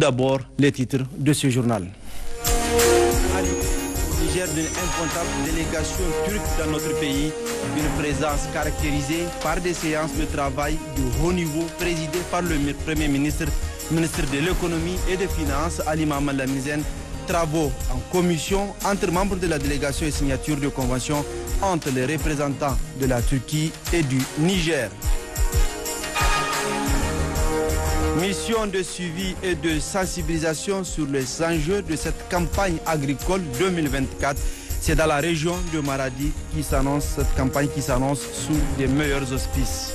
Tout d'abord, les titres de ce journal. Niger d'une incontable délégation turque dans notre pays, une présence caractérisée par des séances de travail de haut niveau présidées par le Premier ministre, ministre de l'économie et des finances, Ali Maman travaux en commission entre membres de la délégation et signature de convention entre les représentants de la Turquie et du Niger. Mission de suivi et de sensibilisation sur les enjeux de cette campagne agricole 2024. C'est dans la région de Maradi qui s'annonce cette campagne qui s'annonce sous les meilleurs auspices.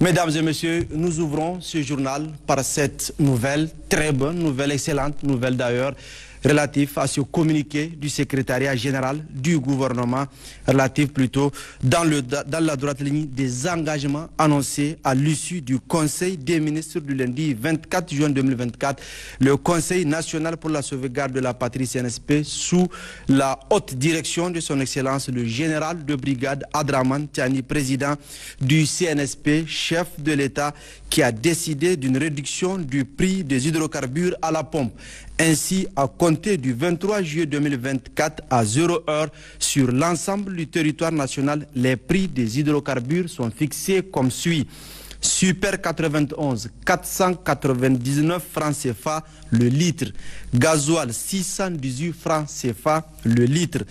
Mesdames et messieurs, nous ouvrons ce journal par cette nouvelle, très bonne nouvelle, excellente nouvelle d'ailleurs relatif à ce communiqué du secrétariat général du gouvernement, relatif plutôt dans, le, dans la droite ligne des engagements annoncés à l'issue du Conseil des ministres du lundi 24 juin 2024, le Conseil national pour la sauvegarde de la patrie CNSP sous la haute direction de son Excellence le général de brigade Adraman Tiani, président du CNSP, chef de l'État, qui a décidé d'une réduction du prix des hydrocarbures à la pompe. Ainsi, à compter du 23 juillet 2024 à 0 heure, sur l'ensemble du territoire national, les prix des hydrocarbures sont fixés comme suit. Super 91, 499 francs CFA le litre. Gasoil, 618 francs CFA le litre.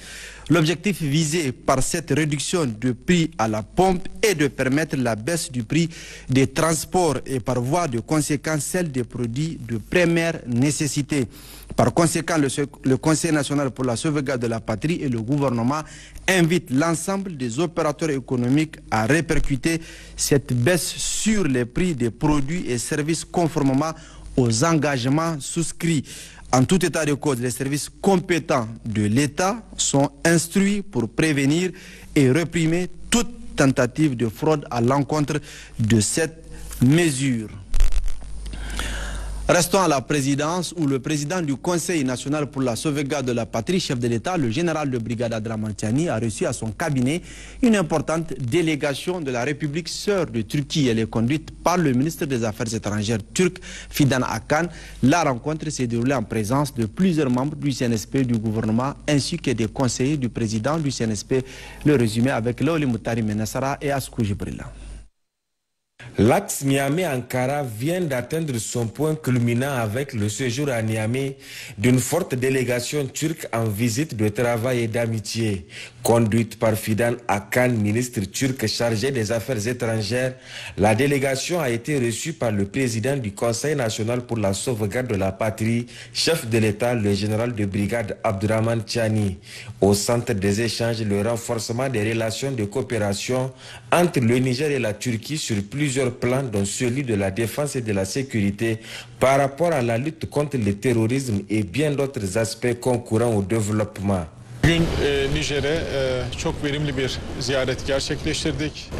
L'objectif visé par cette réduction de prix à la pompe est de permettre la baisse du prix des transports et par voie de conséquence celle des produits de première nécessité. Par conséquent, le, le, Conseil national pour la sauvegarde de la patrie et le gouvernement invitent l'ensemble des opérateurs économiques à répercuter cette baisse sur les prix des produits et services conformément aux engagements souscrits. En tout état de cause, les services compétents de l'État sont instruits pour prévenir et réprimer toute tentative de fraude à l'encontre de cette mesure. Restons à la présidence où le président du Conseil national pour la sauvegarde de la patrie, chef de l'État, le général de brigade Adramantiani, a reçu à son cabinet une importante délégation de la République sœur de Turquie. Elle est conduite par le ministre des Affaires étrangères turc, Fidan Akan. La rencontre s'est déroulée en présence de plusieurs membres du CNSP du gouvernement ainsi que des conseillers du président du CNSP. Le résumé avec Loli Moutari Menassara et Askou L'axe miami ankara vient d'atteindre son point culminant avec le séjour à Niamey d'une forte délégation turque en visite de travail et d'amitié, conduite par Fidan Akan, ministre turc chargé des Affaires étrangères. La délégation a été reçue par le président du Conseil national pour la sauvegarde de la patrie, chef de l'État, le général de brigade Abdurrahman Tchani. Au centre des échanges, le renforcement des relations de coopération entre le Niger et la Turquie sur plusieurs plans, dont celui de la défense et de la sécurité par rapport à la lutte contre le terrorisme et bien d'autres aspects concurrents au développement. E, e,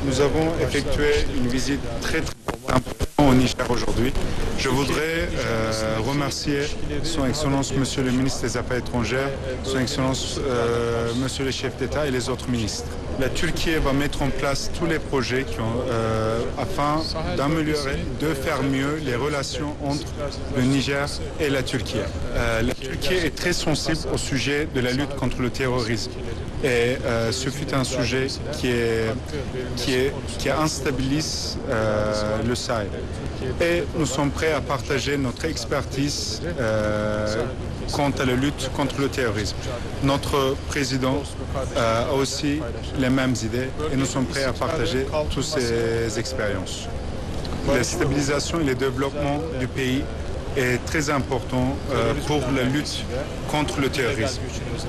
Nous avons effectué une visite très importante au Niger aujourd'hui. Je voudrais euh, remercier Son Excellence Monsieur le ministre des Affaires étrangères, Son Excellence euh, Monsieur le chef d'État et les autres ministres. La Turquie va mettre en place tous les projets euh, afin d'améliorer, de faire mieux les relations entre le Niger et la Turquie. la Turquie est très sensible au sujet de la lutte contre le terrorisme. Et euh, ce fut un sujet qui, est, qui, est, qui instabilise euh, le Sahel. Et nous sommes prêts à partager notre expertise euh, quant à la lutte contre le terrorisme. Notre président a aussi les mêmes idées et nous sommes prêts à partager toutes ces expériences. La stabilisation et le développement du pays est très important euh, pour la lutte contre le terrorisme.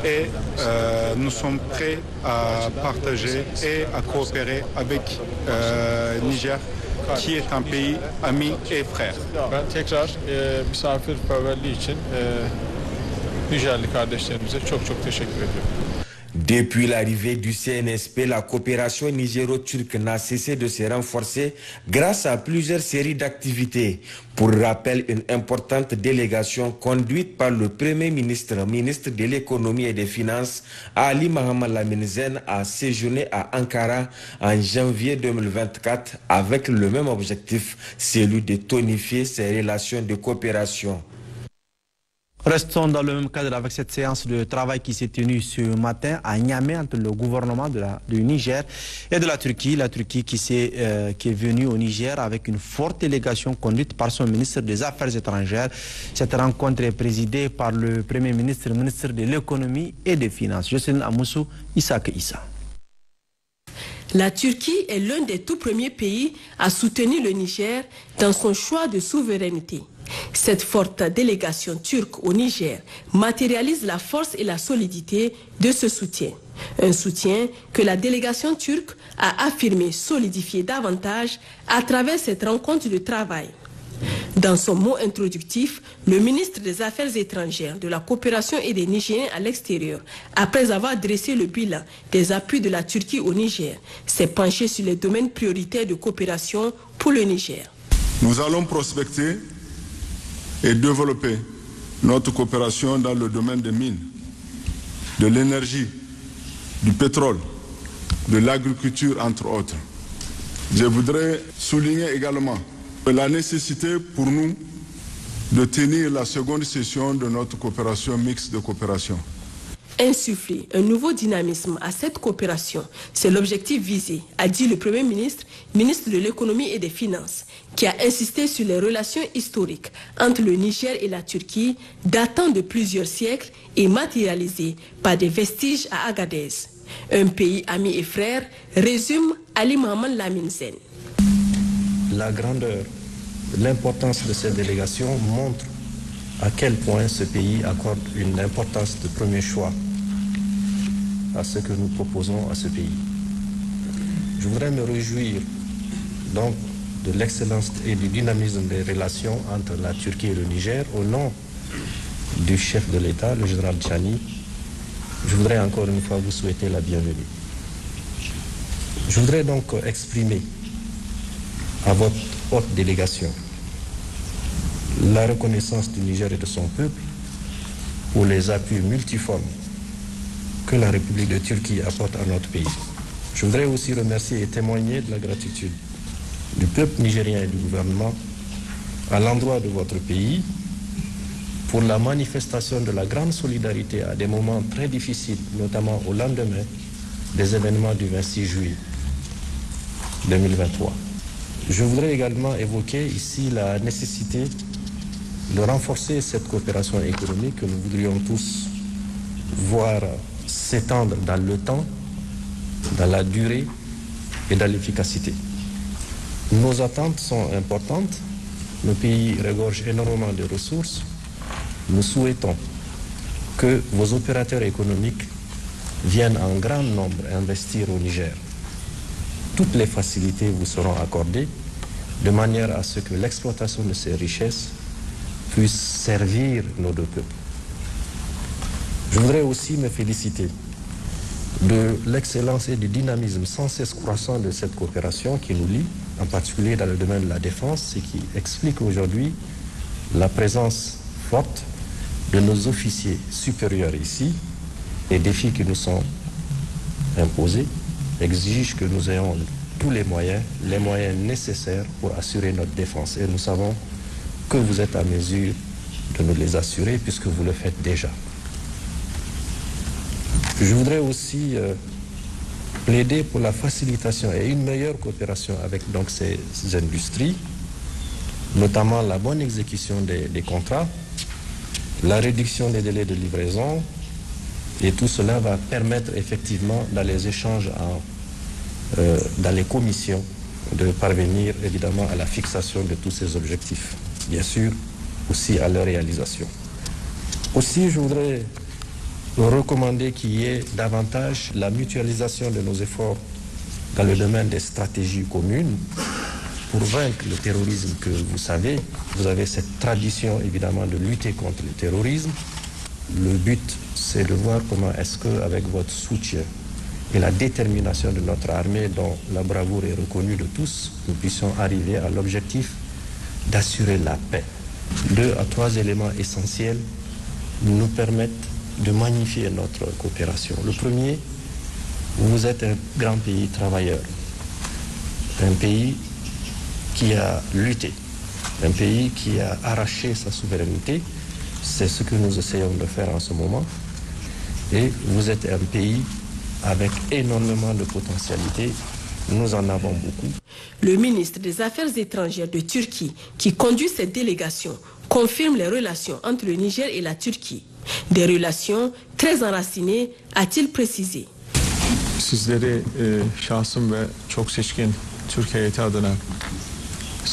Et euh, nous sommes prêts à partager et à coopérer avec euh, Niger qui est un pays ami et frère. Ben, e, depuis l'arrivée du CNSP, la coopération nigéro-turque n'a cessé de se renforcer grâce à plusieurs séries d'activités. Pour rappel, une importante délégation conduite par le Premier ministre, ministre de l'économie et des finances, Ali Mohamed Laminzen, a séjourné à Ankara en janvier 2024 avec le même objectif, celui de tonifier ses relations de coopération. Restons dans le même cadre avec cette séance de travail qui s'est tenue ce matin à Niamey entre le gouvernement du Niger et de la Turquie. La Turquie qui, est, euh, qui est venue au Niger avec une forte délégation conduite par son ministre des Affaires étrangères. Cette rencontre est présidée par le Premier ministre, le ministre de l'Économie et des Finances, Jocelyne Amoussou Issaque Issa. La Turquie est l'un des tout premiers pays à soutenir le Niger dans son choix de souveraineté. Cette forte délégation turque au Niger matérialise la force et la solidité de ce soutien. Un soutien que la délégation turque a affirmé solidifier davantage à travers cette rencontre de travail. Dans son mot introductif, le ministre des Affaires étrangères, de la coopération et des Nigériens à l'extérieur, après avoir dressé le bilan des appuis de la Turquie au Niger, s'est penché sur les domaines prioritaires de coopération pour le Niger. Nous allons prospecter et développer notre coopération dans le domaine des mines, de l'énergie, du pétrole, de l'agriculture, entre autres. Je voudrais souligner également la nécessité pour nous de tenir la seconde session de notre coopération mixte de coopération. Insuffler un nouveau dynamisme à cette coopération, c'est l'objectif visé, a dit le Premier ministre, ministre de l'économie et des finances qui a insisté sur les relations historiques entre le Niger et la Turquie datant de plusieurs siècles et matérialisées par des vestiges à Agadez. Un pays ami et frère, résume Ali Mohamed Laminsen. La grandeur, l'importance de cette délégation montre à quel point ce pays accorde une importance de premier choix à ce que nous proposons à ce pays. Je voudrais me réjouir donc de l'excellence et du dynamisme des relations entre la Turquie et le Niger au nom du chef de l'État, le général Tchani. Je voudrais encore une fois vous souhaiter la bienvenue. Je voudrais donc exprimer à votre haute délégation la reconnaissance du Niger et de son peuple pour les appuis multiformes que la République de Turquie apporte à notre pays. Je voudrais aussi remercier et témoigner de la gratitude du peuple nigérien et du gouvernement à l'endroit de votre pays pour la manifestation de la grande solidarité à des moments très difficiles, notamment au lendemain des événements du 26 juillet 2023. Je voudrais également évoquer ici la nécessité de renforcer cette coopération économique que nous voudrions tous voir s'étendre dans le temps, dans la durée et dans l'efficacité. Nos attentes sont importantes. Le pays regorge énormément de ressources. Nous souhaitons que vos opérateurs économiques viennent en grand nombre investir au Niger. Toutes les facilités vous seront accordées de manière à ce que l'exploitation de ces richesses puisse servir nos deux peuples. Je voudrais aussi me féliciter de l'excellence et du dynamisme sans cesse croissant de cette coopération qui nous lie en particulier dans le domaine de la défense, ce qui explique aujourd'hui la présence forte de nos officiers supérieurs ici. Les défis qui nous sont imposés exigent que nous ayons tous les moyens, les moyens nécessaires pour assurer notre défense. Et nous savons que vous êtes à mesure de nous les assurer puisque vous le faites déjà. Je voudrais aussi euh, plaider pour la facilitation et une meilleure coopération avec donc, ces industries, notamment la bonne exécution des, contrats, la réduction des délais de livraison, et tout cela va permettre effectivement dans les échanges, euh, dans les commissions, de parvenir évidemment à la fixation de tous ces objectifs, bien sûr aussi à leur réalisation. Aussi, je voudrais recommander qu'il y ait davantage la mutualisation de nos efforts dans le domaine des stratégies communes pour vaincre le terrorisme que vous savez. Vous avez cette tradition évidemment de lutter contre le terrorisme. Le but, c'est de voir comment est-ce que, avec votre soutien et la détermination de notre armée, dont la bravoure est reconnue de tous, nous puissions arriver à l'objectif d'assurer la paix. Deux à trois éléments essentiels nous permettent de magnifier notre coopération. Le premier, vous êtes un grand pays travailleur, un pays qui a lutté, un pays qui a arraché sa souveraineté. C'est ce que nous essayons de faire en ce moment. Et vous êtes un pays avec énormément de potentialités. Nous en avons beaucoup. Le ministre des Affaires étrangères de Turquie, qui conduit cette délégation, confirme les relations entre le Niger et la Turquie. Des relations très enracinées, a-t-il précisé.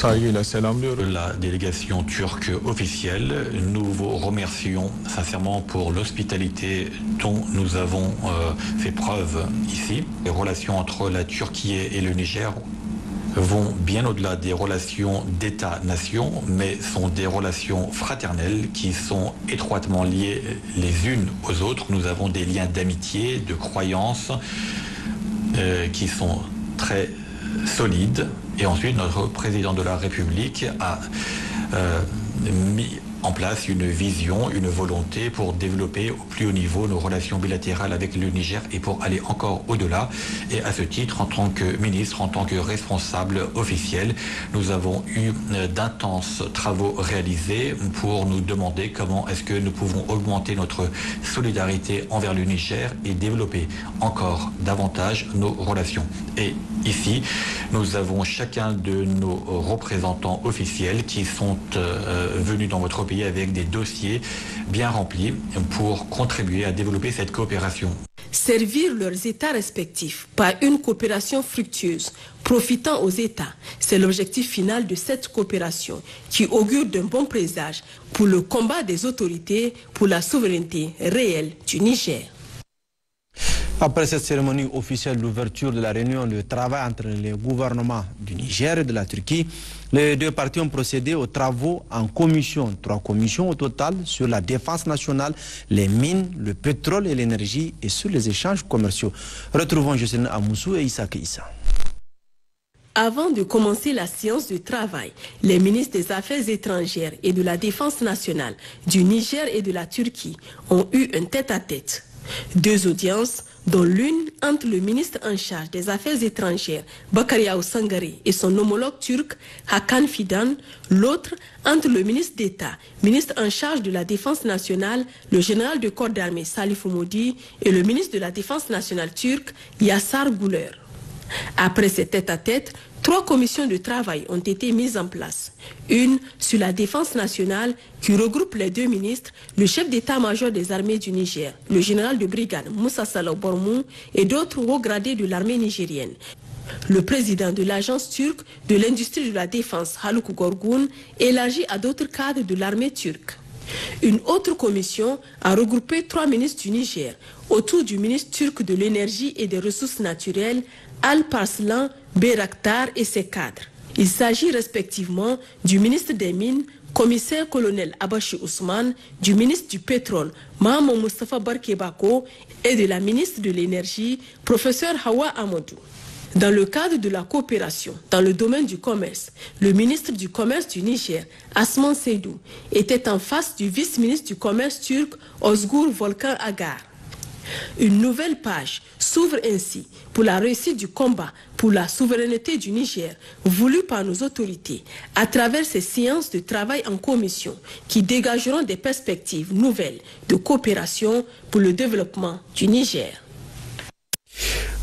E, la délégation turque officielle, nous vous remercions sincèrement pour l'hospitalité dont nous avons euh, fait preuve ici. Les relations entre la Turquie et le Niger vont bien au-delà des relations d'État-nation, mais sont des relations fraternelles qui sont étroitement liées les unes aux autres. Nous avons des liens d'amitié, de croyances euh, qui sont très solides. Et ensuite, notre président de la République a euh, mis en place une vision, une volonté pour développer au plus haut niveau nos relations bilatérales avec le Niger et pour aller encore au-delà. Et à ce titre, en tant que ministre, en tant que responsable officiel, nous avons eu euh, d'intenses travaux réalisés pour nous demander comment est-ce que nous pouvons augmenter notre solidarité envers le Niger et développer encore davantage nos relations. Et ici. Nous avons chacun de nos représentants officiels qui sont euh, euh, venus dans votre pays avec des dossiers bien remplis pour contribuer à développer cette coopération. Servir leurs États respectifs par une coopération fructueuse, profitant aux États, c'est l'objectif final de cette coopération qui augure d'un bon présage pour le combat des autorités pour la souveraineté réelle du Niger. Après cette cérémonie officielle d'ouverture de la réunion de travail entre les gouvernements du Niger et de la Turquie, les deux parties ont procédé aux travaux en commission, trois commissions au total, sur la défense nationale, les mines, le pétrole et l'énergie et sur les échanges commerciaux. Retrouvons Jocelyne Amoussou et Issa Issa. Avant de commencer la séance de travail, les ministres des Affaires étrangères et de la Défense nationale du Niger et de la Turquie ont eu un tête-à-tête. tête à tête deux audiences, dont l'une entre le ministre en charge des Affaires étrangères, Bakariao Sangari, et son homologue turc, Hakan Fidan, l'autre entre le ministre d'État, ministre en charge de la Défense nationale, le général de corps d'armée Salif Oumodi, et le ministre de la Défense nationale turc Yassar Gouler. Après ces tête-à-tête, têtes à à tête Trois commissions de travail ont été mises en place. Une sur la défense nationale qui regroupe les deux ministres, le chef d'état-major des armées du Niger, le général de brigade Moussa Salah Bormou et d'autres hauts gradés de l'armée nigérienne. Le président de l'agence turque de l'industrie de la défense, Haluk Gorgoun élargi à d'autres cadres de l'armée turque. Une autre commission a regroupé trois ministres du Niger autour du ministre turc de l'énergie et des ressources naturelles Al-Parslan, Beraktar et ses cadres. Il s'agit respectivement du ministre des Mines, commissaire colonel Abashi Ousmane, du ministre du Pétrole, Mahmoud Mustafa Barkebako, et de la ministre de l'Énergie, professeur Hawa Amadou. Dans le cadre de la coopération dans le domaine du commerce, le ministre du Commerce du Niger, Asman Seydou, était en face du vice-ministre du Commerce turc, Osgur Volkan Agar. Une nouvelle page s'ouvre ainsi pour la réussite du combat pour la souveraineté du Niger voulu par nos autorités à travers ces séances de travail en commission qui dégageront des perspectives nouvelles de coopération pour le développement du Niger.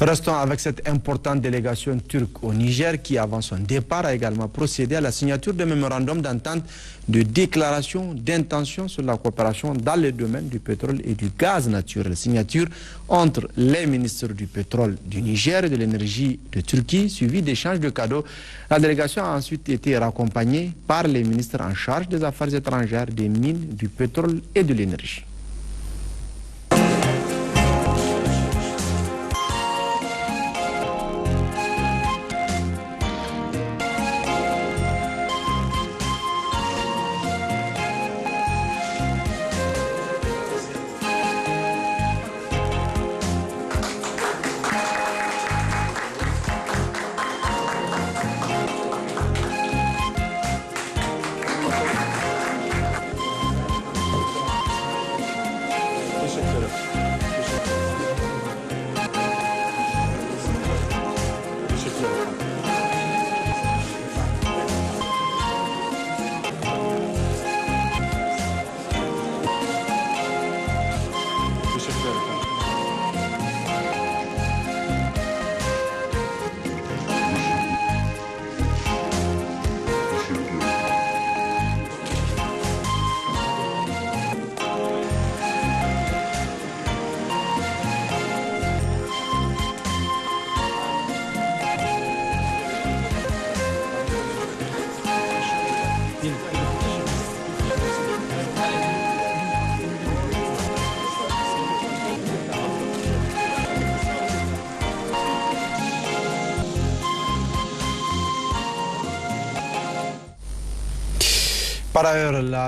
Restons avec cette importante délégation turque au Niger qui, avant son départ, a également procédé à la signature de mémorandum d'entente de déclaration d'intention sur la coopération dans le domaine du pétrole et du gaz naturel. Signature entre les ministres du pétrole du Niger et de l'énergie de Turquie, suivie d'échanges de cadeaux. La délégation a ensuite été raccompagnée par les ministres en charge des affaires étrangères, des mines, du pétrole et de l'énergie.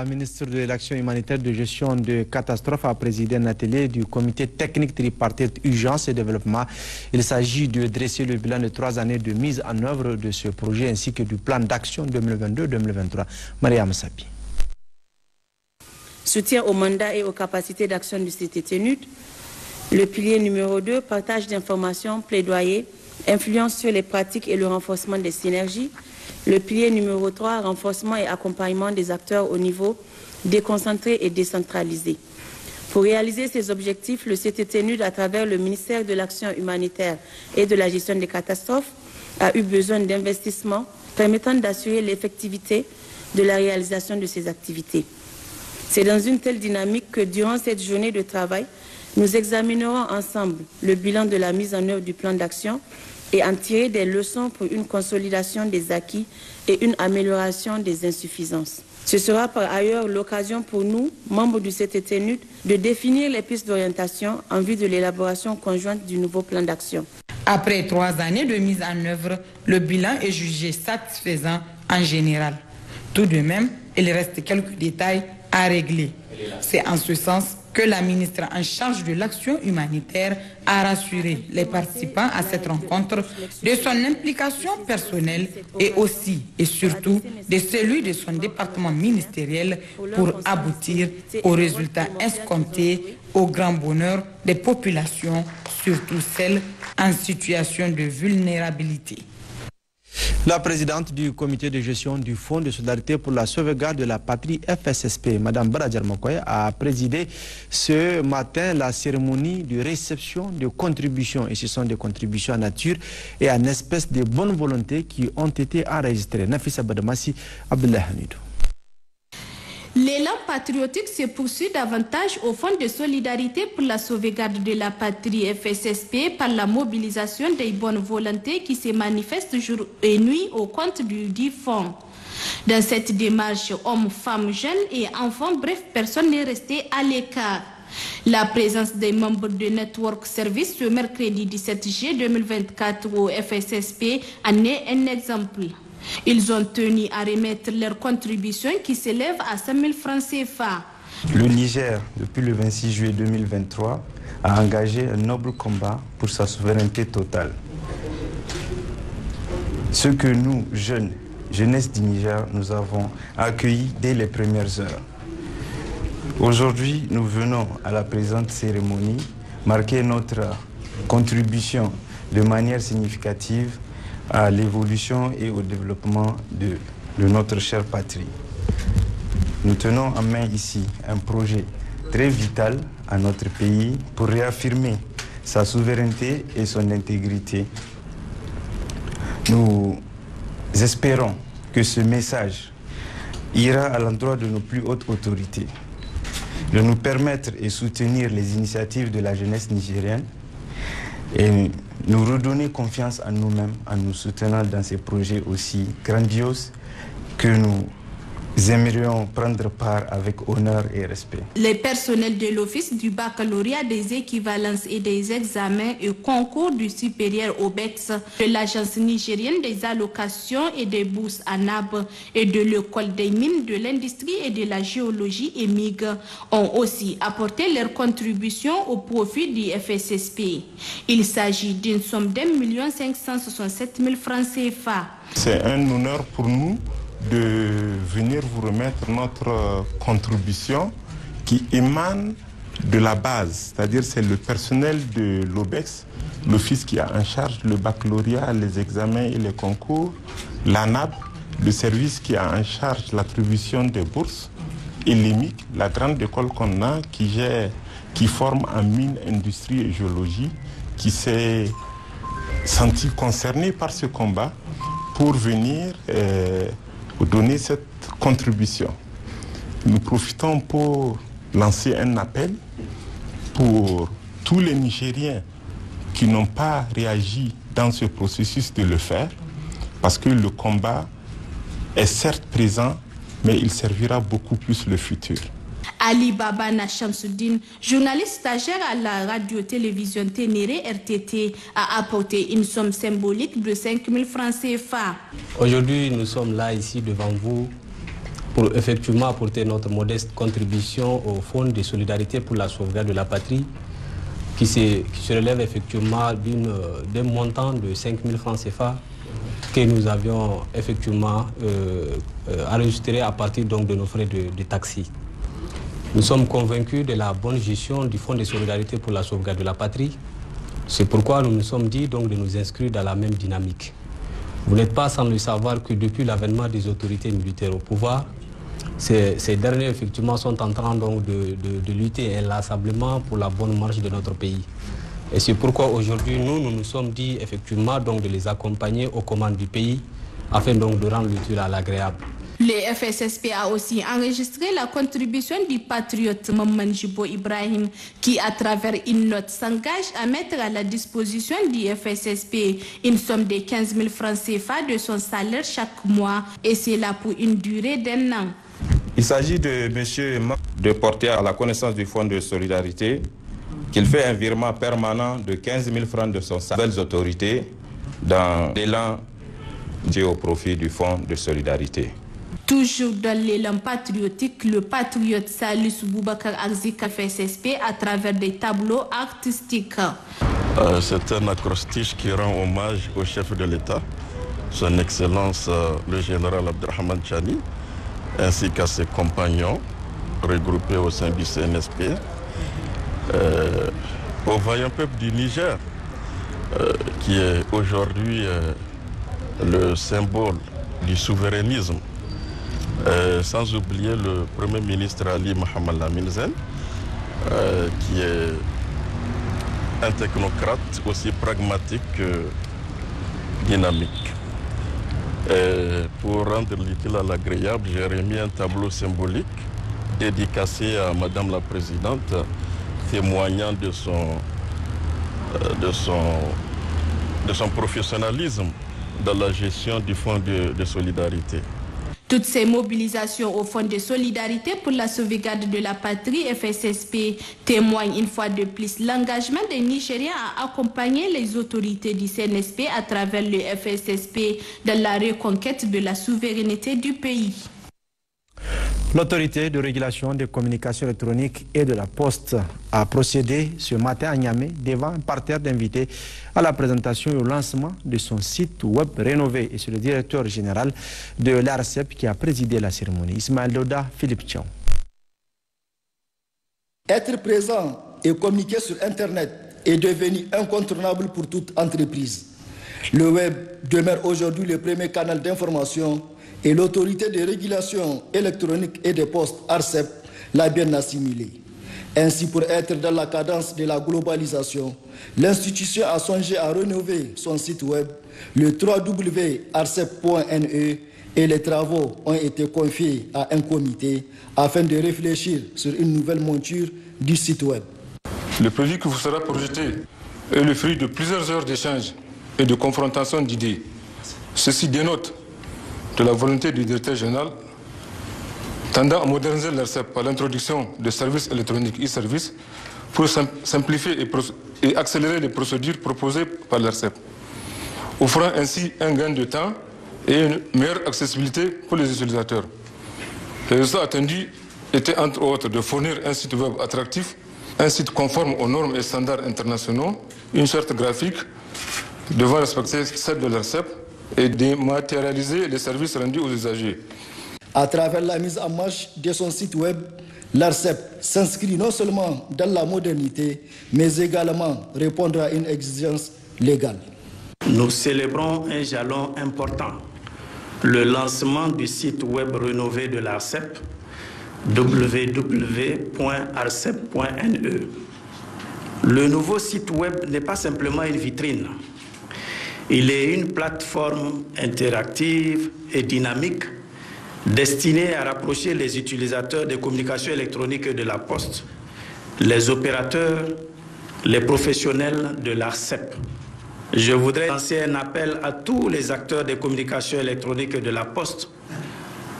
ministre de l'Action humanitaire de gestion de catastrophes a présidé un atelier du comité technique tripartite urgence et développement. Il s'agit de dresser le bilan de trois années de mise en œuvre de ce projet ainsi que du plan d'action 2022-2023. Mariam Sapi. Soutien au mandat et aux capacités d'action du cité tenute. Le pilier numéro 2, partage d'informations, plaidoyer, influence sur les pratiques et le renforcement des synergies. Le pilier numéro 3, renforcement et accompagnement des acteurs au niveau déconcentré et décentralisé. Pour réaliser ces objectifs, le CTT à travers le ministère de l'Action humanitaire et de la gestion des catastrophes, a eu besoin d'investissements permettant d'assurer l'effectivité de la réalisation de ces activités. C'est dans une telle dynamique que, durant cette journée de travail, nous examinerons ensemble le bilan de la mise en œuvre du plan d'action et en tirer des leçons pour une consolidation des acquis et une amélioration des insuffisances. Ce sera par ailleurs l'occasion pour nous, membres du CTTNUD, de définir les pistes d'orientation en vue de l'élaboration conjointe du nouveau plan d'action. Après trois années de mise en œuvre, le bilan est jugé satisfaisant en général. Tout de même, il reste quelques détails à régler. C'est en ce sens que la ministre en charge de l'action humanitaire a rassuré les participants à cette rencontre de son implication personnelle et aussi et surtout de celui de son département ministériel pour aboutir aux résultats escomptés au grand bonheur des populations, surtout celles en situation de vulnérabilité. La présidente du comité de gestion du Fonds de solidarité pour la sauvegarde de la patrie FSSP, Mme Baradjar Mokoye, a présidé ce matin la cérémonie de réception de contributions. Et ce sont des contributions à nature et en espèce de bonne volonté qui ont été enregistrées. L'élan patriotique se poursuit davantage au Fonds de solidarité pour la sauvegarde de la patrie FSSP par la mobilisation des bonnes volontés qui se manifestent jour et nuit au compte du dit fonds. Dans cette démarche, hommes, femmes, jeunes et enfants, bref, personne n'est resté à l'écart. La présence des membres de Network Service le mercredi 17 juillet 2024 au FSSP en est un exemple. Ils ont tenu à remettre leur contribution qui s'élève à 5 000 francs CFA. Le Niger, depuis le 26 juillet 2023, a engagé un noble combat pour sa souveraineté totale. Ce que nous, jeunes, jeunesse du Niger, nous avons accueilli dès les premières heures. Aujourd'hui, nous venons à la présente cérémonie marquer notre contribution de manière significative à l'évolution et au développement de, notre chère patrie. Nous tenons en main ici un projet très vital à notre pays pour réaffirmer sa souveraineté et son intégrité. Nous espérons que ce message ira à l'endroit de nos plus hautes autorités, de nous permettre et soutenir les initiatives de la jeunesse nigérienne et nous redonner confiance en nous-mêmes en nous soutenant dans ces projets aussi grandioses que nous nous aimerions prendre part avec honneur et respect. Les personnels de l'Office du baccalauréat des équivalences et des examens et concours du supérieur OBEX, de l'Agence nigérienne des allocations et des bourses ANAB et de l'École des mines de l'industrie et de la géologie EMIG ont aussi apporté leur contribution au profit du FSSP. Il s'agit d'une somme d'un million cent francs CFA. C'est un honneur pour nous de venir vous remettre notre contribution qui émane de la base, c'est-à-dire c'est le personnel de l'OBEX, l'office qui a en charge le baccalauréat, les examens et les concours, l'ANAP, le service qui a en charge l'attribution des bourses, et l'EMIC, la grande école qu'on a qui, gère, qui forme en mine, industrie et géologie, qui s'est senti concernée par ce combat pour venir... Euh, donner cette contribution. Nous profitons pour lancer un appel pour tous les Nigériens qui n'ont pas réagi dans ce processus de le faire, parce que le combat est certes présent, mais il servira beaucoup plus le futur. Ali Baba Nachamsoudine, journaliste stagiaire à la radio-télévision Ténéré RTT, a apporté une somme symbolique de 5 000 francs CFA. Aujourd'hui, nous sommes là ici devant vous pour effectivement apporter notre modeste contribution au Fonds de solidarité pour la sauvegarde de la patrie qui se, relève effectivement d'un montant de 5 000 francs CFA que nous avions effectivement euh, euh, enregistré à partir donc de nos frais de taxi. Nous sommes convaincus de la bonne gestion du Fonds de solidarité pour la sauvegarde de la patrie. C'est pourquoi nous nous sommes dit donc de nous inscrire dans la même dynamique. Vous n'êtes pas sans le savoir que depuis l'avènement des autorités militaires au pouvoir, ces, derniers effectivement sont en train donc de, lutter inlassablement pour la bonne marche de notre pays. Et c'est pourquoi aujourd'hui nous, nous nous sommes dit effectivement donc de les accompagner aux commandes du pays afin donc de rendre l'utile à l'agréable. Le FSSP a aussi enregistré la contribution du patriote Maman Jibo Ibrahim qui, à travers une note, s'engage à mettre à la disposition du FSSP une somme de 15 000 francs CFA de son salaire chaque mois et c'est là pour une durée d'un an. Il s'agit de M. de porter à la connaissance du Fonds de solidarité qu'il fait un virement permanent de 15 000 francs de son salaire aux autorités dans l'élan au profit du Fonds de solidarité. Toujours dans l'élan patriotique, le patriote Salus Boubacar Arzika SSP à travers des tableaux artistiques. Euh, c'est un acrostiche qui rend hommage au chef de l'État, son Excellence euh, le général Abdelrahman Chani, ainsi qu'à ses compagnons regroupés au sein du CNSP. Euh, au vaillant peuple du Niger, qui est aujourd'hui le symbole du souverainisme euh, sans oublier le Premier ministre Ali Mohamed Aminzen, euh, qui est un technocrate aussi pragmatique que dynamique. Euh, pour rendre l'utile à l'agréable, j'ai remis un tableau symbolique dédicacé à Madame la Présidente, témoignant de son, professionnalisme dans la gestion du Fonds de solidarité. Toutes ces mobilisations au Fonds de solidarité pour la sauvegarde de la patrie FSSP témoignent une fois de plus l'engagement des Nigériens à accompagner les autorités du CNSP à travers le FSSP dans la reconquête de la souveraineté du pays. L'autorité de régulation des communications électroniques et de la poste a procédé ce matin à Niamey devant un parterre d'invités à la présentation et au lancement de son site web rénové. Et sur le directeur général de l'ARCEP qui a présidé la cérémonie, Ismaël Doda Philippe Tchon. Être présent et communiquer sur Internet est devenu incontournable pour toute entreprise. Le web demeure aujourd'hui le premier canal d'information et l'autorité de régulation électronique et des postes ARCEP l'a bien assimilé. Ainsi, pour être dans la cadence de la globalisation, l'institution a songé à renouveler son site web, le www.arcep.ne, e, et les travaux ont été confiés à un comité afin de réfléchir sur une nouvelle monture du site web. Le projet que vous sera projeté est le fruit de plusieurs heures d'échanges et de confrontation d'idées. Ceci dénote de la volonté du directeur général tendant à moderniser l'ARCEP par l'introduction de services électroniques e-services pour simplifier et, accélérer les procédures proposées par l'ARCEP, offrant ainsi un gain de temps et une meilleure accessibilité pour les utilisateurs. Les résultats attendus étaient entre autres de fournir un site web attractif, un site conforme aux normes et standards internationaux, une charte graphique devant respecter celle de l'ARCEP, et de matérialiser les services rendus aux usagers. À travers la mise en marche de son site web, l'ARCEP s'inscrit non seulement dans la modernité, mais également répondre à une exigence légale. Nous célébrons un jalon important, le lancement du site web rénové de l'ARCEP, www.arcep.ne. E. Le nouveau site web n'est pas simplement une vitrine, il est une plateforme interactive et dynamique destinée à rapprocher les utilisateurs des communications électroniques de la Poste, les opérateurs, les professionnels de l'ARCEP. Je voudrais lancer un appel à tous les acteurs des communications électroniques de la Poste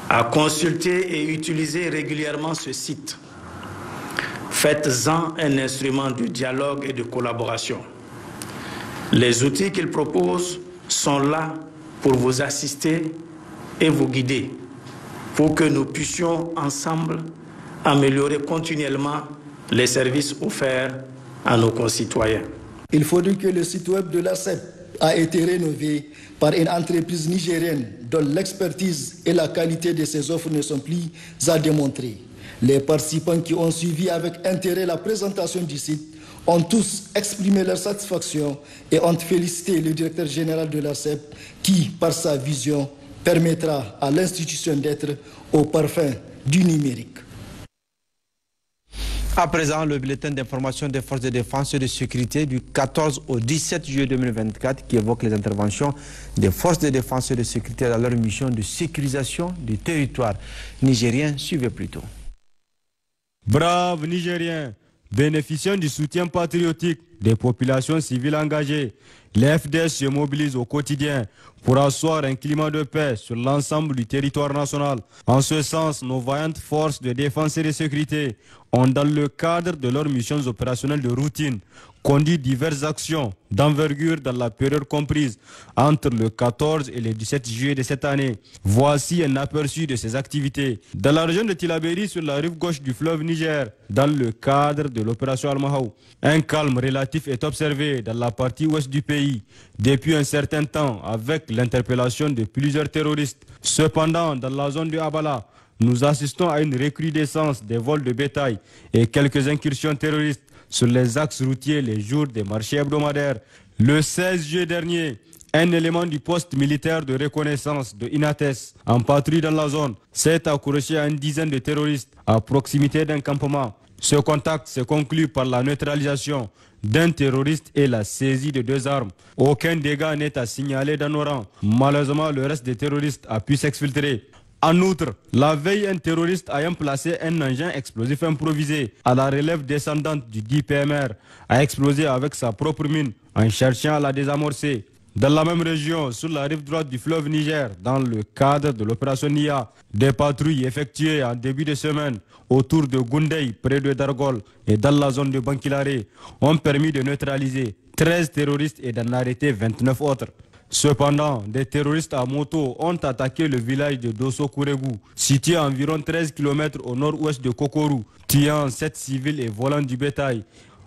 à consulter et utiliser régulièrement ce site. Faites-en un instrument de dialogue et de collaboration. Les outils qu'ils proposent sont là pour vous assister et vous guider, pour que nous puissions ensemble améliorer continuellement les services offerts à nos concitoyens. Il faudrait que le site web de l'ACEP a été rénové par une entreprise nigérienne dont l'expertise et la qualité de ses offres ne sont plus à démontrer. Les participants qui ont suivi avec intérêt la présentation du site ont tous exprimé leur satisfaction et ont félicité le directeur général de la CEP qui, par sa vision, permettra à l'institution d'être au parfum du numérique. À présent, le bulletin d'information des forces de défense et de sécurité du 14 au 17 juillet 2024 qui évoque les interventions des forces de défense et de sécurité dans leur mission de sécurisation du territoire nigérien. Suivez plutôt. Brave Nigériens Bénéficiant du soutien patriotique des populations civiles engagées, l'FDS se mobilise au quotidien pour asseoir un climat de paix sur l'ensemble du territoire national. En ce sens, nos vaillantes forces de défense et de sécurité ont, dans le cadre de leurs missions opérationnelles de routine, conduit diverses actions d'envergure dans la période comprise entre le 14 et le 17 juillet de cette année. Voici un aperçu de ses activités. Dans la région de Tilaberi, sur la rive gauche du fleuve Niger, dans le cadre de l'opération al un calme relatif est observé dans la partie ouest du pays depuis un certain temps avec l'interpellation de plusieurs terroristes. Cependant, dans la zone de Abala, nous assistons à une recrudescence des vols de bétail et quelques incursions terroristes sur les axes routiers les jours des marchés hebdomadaires. Le 16 juillet dernier, un élément du poste militaire de reconnaissance de Inates, en patrie dans la zone, s'est accroché à une dizaine de terroristes à proximité d'un campement. Ce contact s'est conclu par la neutralisation d'un terroriste et la saisie de deux armes. Aucun dégât n'est à signaler dans nos rangs. Malheureusement, le reste des terroristes a pu s'exfiltrer. En outre, la veille, un terroriste ayant placé un engin explosif improvisé à la relève descendante du DPMR a explosé avec sa propre mine en cherchant à la désamorcer. Dans la même région, sur la rive droite du fleuve Niger, dans le cadre de l'opération NIA, des patrouilles effectuées en début de semaine autour de Goundey, près de Dargol et dans la zone de Bankilare, ont permis de neutraliser 13 terroristes et d'en arrêter 29 autres. Cependant, des terroristes à moto ont attaqué le village de dosso kuregu situé à environ 13 km au nord-ouest de Kokorou, tuant 7 civils et volant du bétail.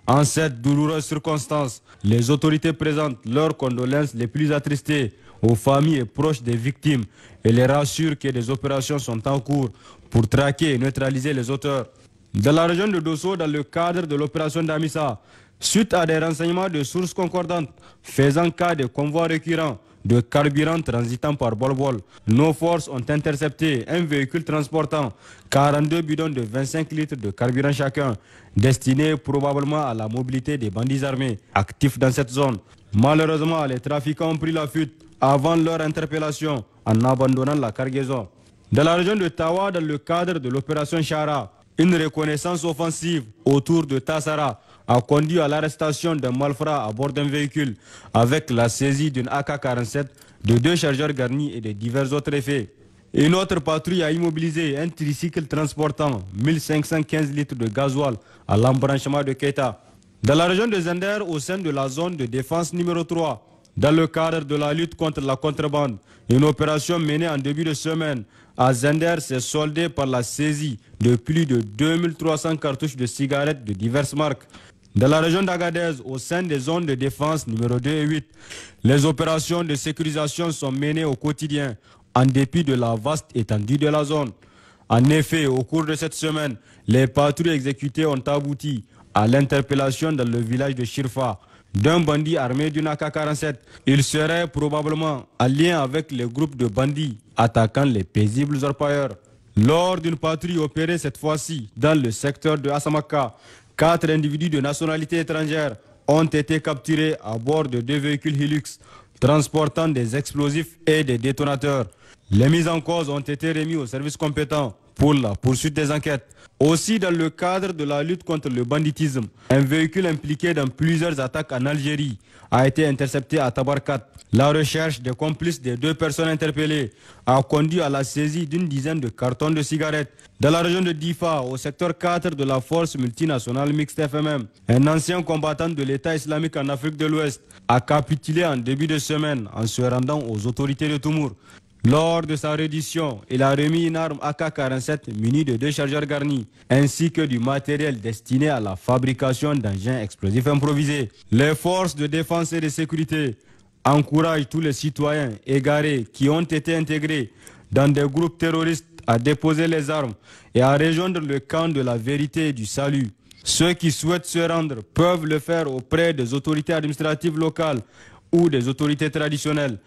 En cette douloureuse circonstance, les autorités présentent leurs condoléances les plus attristées aux familles et proches des victimes et les rassurent que des opérations sont en cours pour traquer et neutraliser les auteurs. Dans la région de Dosso, dans le cadre de l'opération d'Amissa, suite à des renseignements de sources concordantes faisant cas de convois récurrents de carburant transitant par Bolbol. Nos forces ont intercepté un véhicule transportant 42 bidons de 25 litres de carburant chacun, destinés probablement à la mobilité des bandits armés actifs dans cette zone. Malheureusement, les trafiquants ont pris la fuite avant leur interpellation en abandonnant la cargaison. Dans la région de Tawa, dans le cadre de l'opération Chara, une reconnaissance offensive autour de Tassara a conduit à l'arrestation d'un malfrat à bord d'un véhicule avec la saisie d'une AK-47, de deux chargeurs garnis et de divers autres effets. Une autre patrouille a immobilisé un tricycle transportant 1515 litres de gasoil à l'embranchement de Keita. Dans la région de Zender, au sein de la zone de défense numéro 3, dans le cadre de la lutte contre la contrebande, une opération menée en début de semaine à Zender s'est soldée par la saisie de plus de 2300 cartouches de cigarettes de diverses marques. Dans la région d'Agadez, au sein des zones de défense numéro 2 et 8, les opérations de sécurisation sont menées au quotidien, en dépit de la vaste étendue de la zone. En effet, au cours de cette semaine, les patrouilles exécutées ont abouti à l'interpellation dans le village de Shirfa d'un bandit armé d'une AK-47. Il serait probablement en lien avec les groupes de bandits attaquant les paisibles orpailleurs. Lors d'une patrouille opérée cette fois-ci dans le secteur de Asamaka, Quatre individus de nationalité étrangère ont été capturés à bord de deux véhicules Hilux transportant des explosifs et des détonateurs. Les mises en cause ont été remises aux services compétents pour la poursuite des enquêtes. Aussi, dans le cadre de la lutte contre le banditisme, un véhicule impliqué dans plusieurs attaques en Algérie a été intercepté à Tabarkat. La recherche des complices des deux personnes interpellées a conduit à la saisie d'une dizaine de cartons de cigarettes. Dans la région de Difa, au secteur 4 de la force multinationale mixte FMM, un ancien combattant de l'État islamique en Afrique de l'Ouest a capitulé en début de semaine en se rendant aux autorités de Toumour. Lors de sa reddition, il a remis une arme AK-47 munie de deux chargeurs garnis, ainsi que du matériel destiné à la fabrication d'engins explosifs improvisés. Les forces de défense et de sécurité encouragent tous les citoyens égarés qui ont été intégrés dans des groupes terroristes à déposer les armes et à rejoindre le camp de la vérité et du salut. Ceux qui souhaitent se rendre peuvent le faire auprès des autorités administratives locales ou des autorités traditionnelles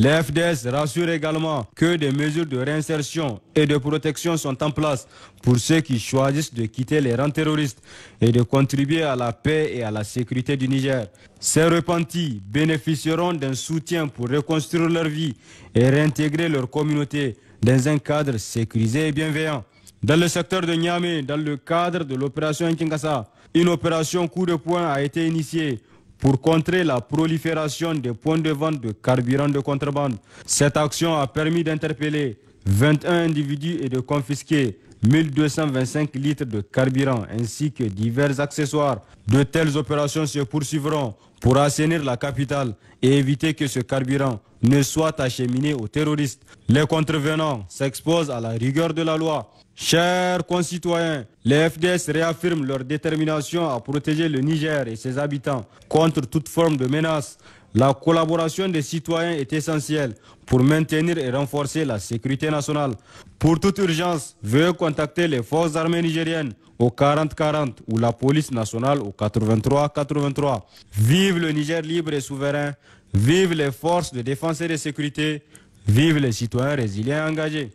l'fds rassure également que des mesures de réinsertion et de protection sont en place pour ceux qui choisissent de quitter les rangs terroristes et de contribuer à la paix et à la sécurité du Niger. Ces repentis bénéficieront d'un soutien pour reconstruire leur vie et réintégrer leur communauté dans un cadre sécurisé et bienveillant. Dans le secteur de Niamey, dans le cadre de l'opération Nkinkasa, une opération coup de poing a été initiée pour contrer la prolifération des points de vente de carburant de contrebande. Cette action a permis d'interpeller 21 individus et de confisquer 1225 litres de carburant ainsi que divers accessoires. De telles opérations se poursuivront pour assainir la capitale et éviter que ce carburant ne soit acheminé aux terroristes. Les contrevenants s'exposent à la rigueur de la loi. Chers concitoyens, les FDS réaffirment leur détermination à protéger le Niger et ses habitants contre toute forme de menace. La collaboration des citoyens est essentielle pour maintenir et renforcer la sécurité nationale. Pour toute urgence, veuillez contacter les forces armées nigériennes au 40-40 ou la police nationale au 83-83. Vive le Niger libre et souverain, vive les forces de défense et de sécurité, vive les citoyens résilients engagés.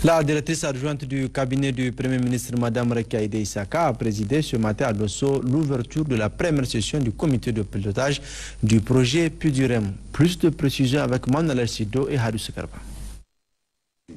La directrice adjointe du cabinet du Premier ministre, Mme Rekaïde Isaka, a présidé ce matin à Dosso l'ouverture de la première session du comité de pilotage du projet Pudurem. Plus de précisions avec Manal Sido et Harus Karba.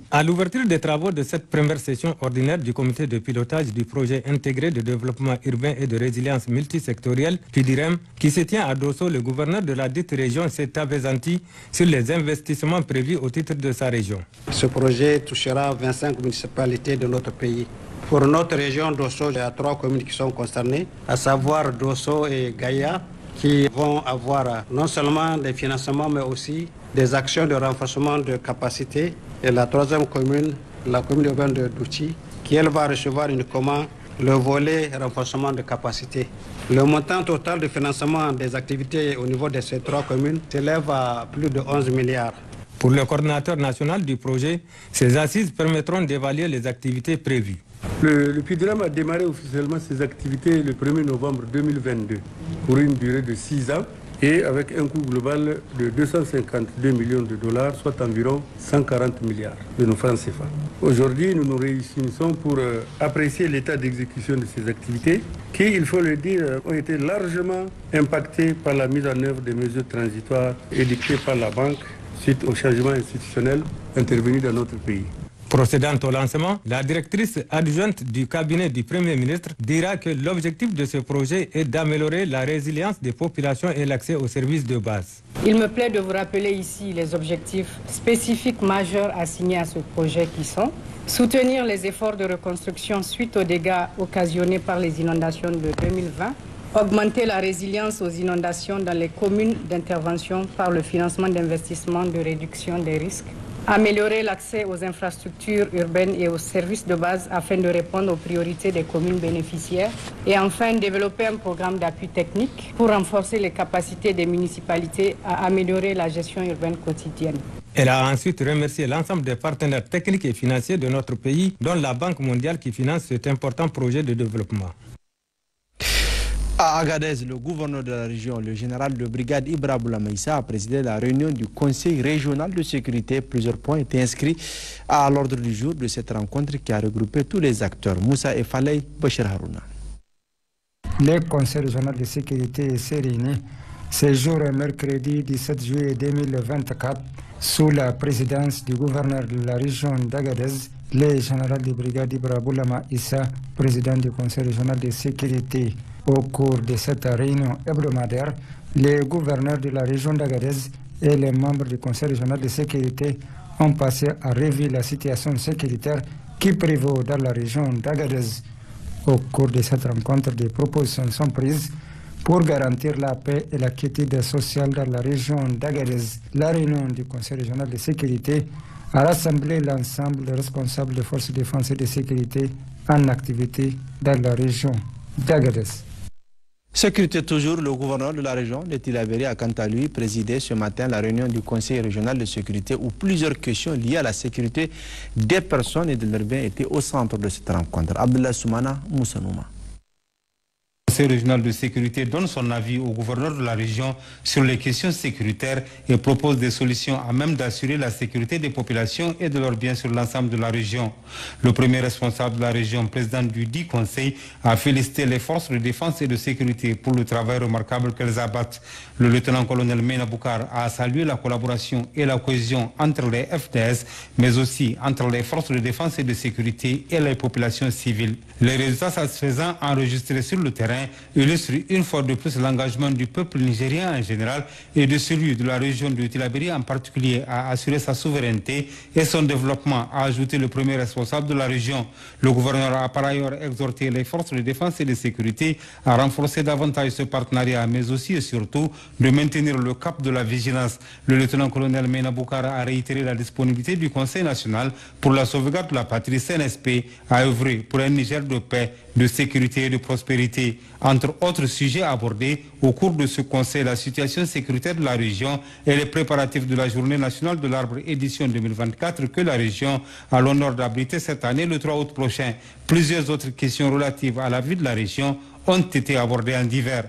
À l'ouverture des travaux de cette première session ordinaire du comité de pilotage du projet intégré de développement urbain et de résilience multisectorielle, PIDIREM, qui se tient à Dosso, le gouverneur de la dite région s'est avesanti sur les investissements prévus au titre de sa région. Ce projet touchera 25 municipalités de notre pays. Pour notre région Dosso, il y a trois communes qui sont concernées, à savoir Dosso et Gaïa, qui vont avoir non seulement des financements, mais aussi des actions de renforcement de capacités. Et la troisième commune, la commune urbaine de Douchi, qui elle va recevoir une commande, le volet renforcement de capacité. Le montant total de financement des activités au niveau de ces trois communes s'élève à plus de 11 milliards. Pour le coordinateur national du projet, ces assises permettront d'évaluer les activités prévues. Le, le a démarré officiellement ses activités le 1er novembre 2022 pour une durée de 6 ans et avec un coût global de 252 millions de dollars, soit environ 140 milliards de nos francs CFA. Aujourd'hui, nous nous réunissons pour euh, apprécier l'état d'exécution de ces activités qui, il faut le dire, euh, ont été largement impactées par la mise en œuvre des mesures transitoires édictées par la banque suite au changement institutionnel intervenu dans notre pays. Procédant au lancement, la directrice adjointe du cabinet du Premier ministre dira que l'objectif de ce projet est d'améliorer la résilience des populations et l'accès aux services de base. Il me plaît de vous rappeler ici les objectifs spécifiques majeurs assignés à ce projet qui sont soutenir les efforts de reconstruction suite aux dégâts occasionnés par les inondations de 2020, augmenter la résilience aux inondations dans les communes d'intervention par le financement d'investissements de réduction des risques, Améliorer l'accès aux infrastructures urbaines et aux services de base afin de répondre aux priorités des communes bénéficiaires. Et enfin, développer un programme d'appui technique pour renforcer les capacités des municipalités à améliorer la gestion urbaine quotidienne. Elle a ensuite remercié l'ensemble des partenaires techniques et financiers de notre pays, dont la Banque mondiale qui finance cet important projet de développement. À Agadez, le gouverneur de la région, le général de brigade Ibra Issa a présidé la réunion du Conseil régional de sécurité. Plusieurs points étaient inscrits à l'ordre du jour de cette rencontre qui a regroupé tous les acteurs. Moussa Efalei, Bachir Harouna. Le Conseil régional de sécurité s'est réuni ce jour mercredi 17 juillet 2024 sous la présidence du gouverneur de la région d'Agadez, le général de brigade Ibra Issa, président du Conseil régional de sécurité. Au cours de cette réunion hebdomadaire, les gouverneurs de la région d'Agadez et les membres du Conseil régional de sécurité ont passé à revue la situation sécuritaire qui prévaut dans la région d'Agadez. Au cours de cette rencontre, des propositions sont prises pour garantir la paix et la qualité sociale dans la région d'Agadez. La réunion du Conseil régional de sécurité a rassemblé l'ensemble des responsables des forces de défense et de sécurité en activité dans la région d'Agadez. Sécurité toujours, le gouverneur de la région, le a quant à lui présidé ce matin la réunion du Conseil régional de sécurité où plusieurs questions liées à la sécurité des personnes et de leurs biens étaient au centre de cette rencontre. Abdullah Soumana Moussanouma conseil régional de sécurité donne son avis au gouverneur de la région sur les questions sécuritaires et propose des solutions à même d'assurer la sécurité des populations et de leurs biens sur l'ensemble de la région. Le premier responsable de la région, président du dit conseil, a félicité les forces de défense et de sécurité pour le travail remarquable qu'elles abattent. Le lieutenant-colonel Mena Boukar a salué la collaboration et la cohésion entre les FDS, mais aussi entre les forces de défense et de sécurité et les populations civiles. Les résultats satisfaisants enregistrés sur le terrain illustre une fois de plus l'engagement du peuple nigérien en général et de celui de la région de Tilabéry en particulier à assurer sa souveraineté et son développement, a ajouté le premier responsable de la région. Le gouverneur a par ailleurs exhorté les forces de défense et de sécurité à renforcer davantage ce partenariat, mais aussi et surtout de maintenir le cap de la vigilance. Le lieutenant-colonel Mena Boukara a réitéré la disponibilité du Conseil national pour la sauvegarde de la patrie CNSP à œuvrer pour un Niger de paix, de sécurité et de prospérité. Entre autres sujets abordés au cours de ce conseil, la situation sécuritaire de la région et les préparatifs de la Journée nationale de l'arbre édition 2024 que la région a l'honneur d'abriter cette année le 3 août prochain. Plusieurs autres questions relatives à la vie de la région ont été abordées en divers.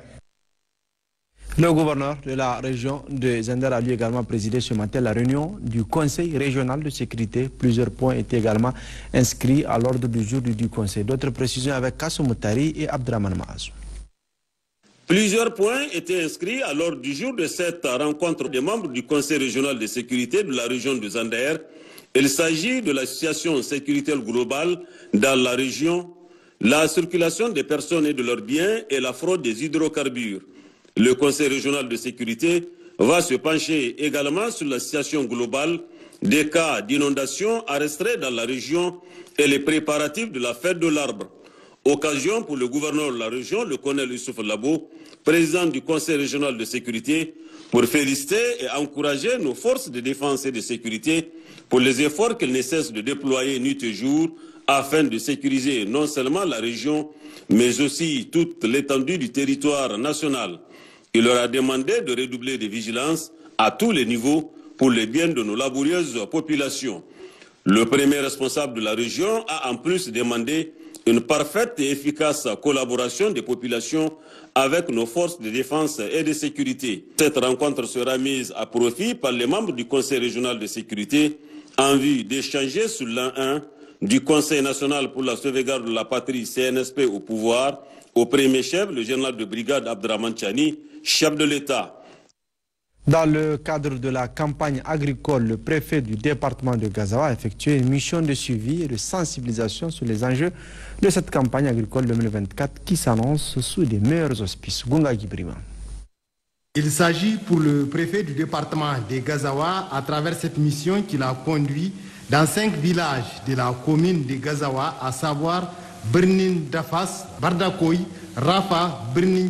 Le gouverneur de la région de Zender a lui également présidé ce matin la réunion du Conseil régional de sécurité. Plusieurs points étaient également inscrits à l'ordre du jour du Conseil. D'autres précisions avec Kassoum Moutari et Abdraman Mahasou. Plusieurs points étaient inscrits à l'ordre du jour de cette rencontre des membres du Conseil régional de sécurité de la région de Zander. Il s'agit de l'association sécuritaire globale dans la région, la circulation des personnes et de leurs biens et la fraude des hydrocarbures. Le Conseil régional de sécurité va se pencher également sur la situation globale des cas d'inondation arrestés dans la région et les préparatifs de la fête de l'arbre. Occasion pour le gouverneur de la région, le colonel Youssouf Labo, président du Conseil régional de sécurité, pour féliciter et encourager nos forces de défense et de sécurité pour les efforts qu'elles ne cessent de déployer nuit et jour afin de sécuriser non seulement la région, mais aussi toute l'étendue du territoire national. Il leur a demandé de redoubler de vigilances à tous les niveaux pour le bien de nos laborieuses populations. Le premier responsable de la région a en plus demandé une parfaite et efficace collaboration des populations avec nos forces de défense et de sécurité. Cette rencontre sera mise à profit par les membres du Conseil régional de sécurité en vue d'échanger sur l'an 1 du Conseil national pour la sauvegarde de la patrie CNSP au pouvoir, au premier chef, le général de brigade Abdraman Chani, chef de l'État. Dans le cadre de la campagne agricole, le préfet du département de Gazawa a effectué une mission de suivi et de sensibilisation sur les enjeux de cette campagne agricole 2024 qui s'annonce sous des meilleurs auspices. Gunga Gibrima. Il s'agit pour le préfet du département de Gazawa, à travers cette mission qu'il a conduit dans cinq villages de la commune de Gazawa, à savoir Bernin Dafas, Bardakoy, Rafa, Bernin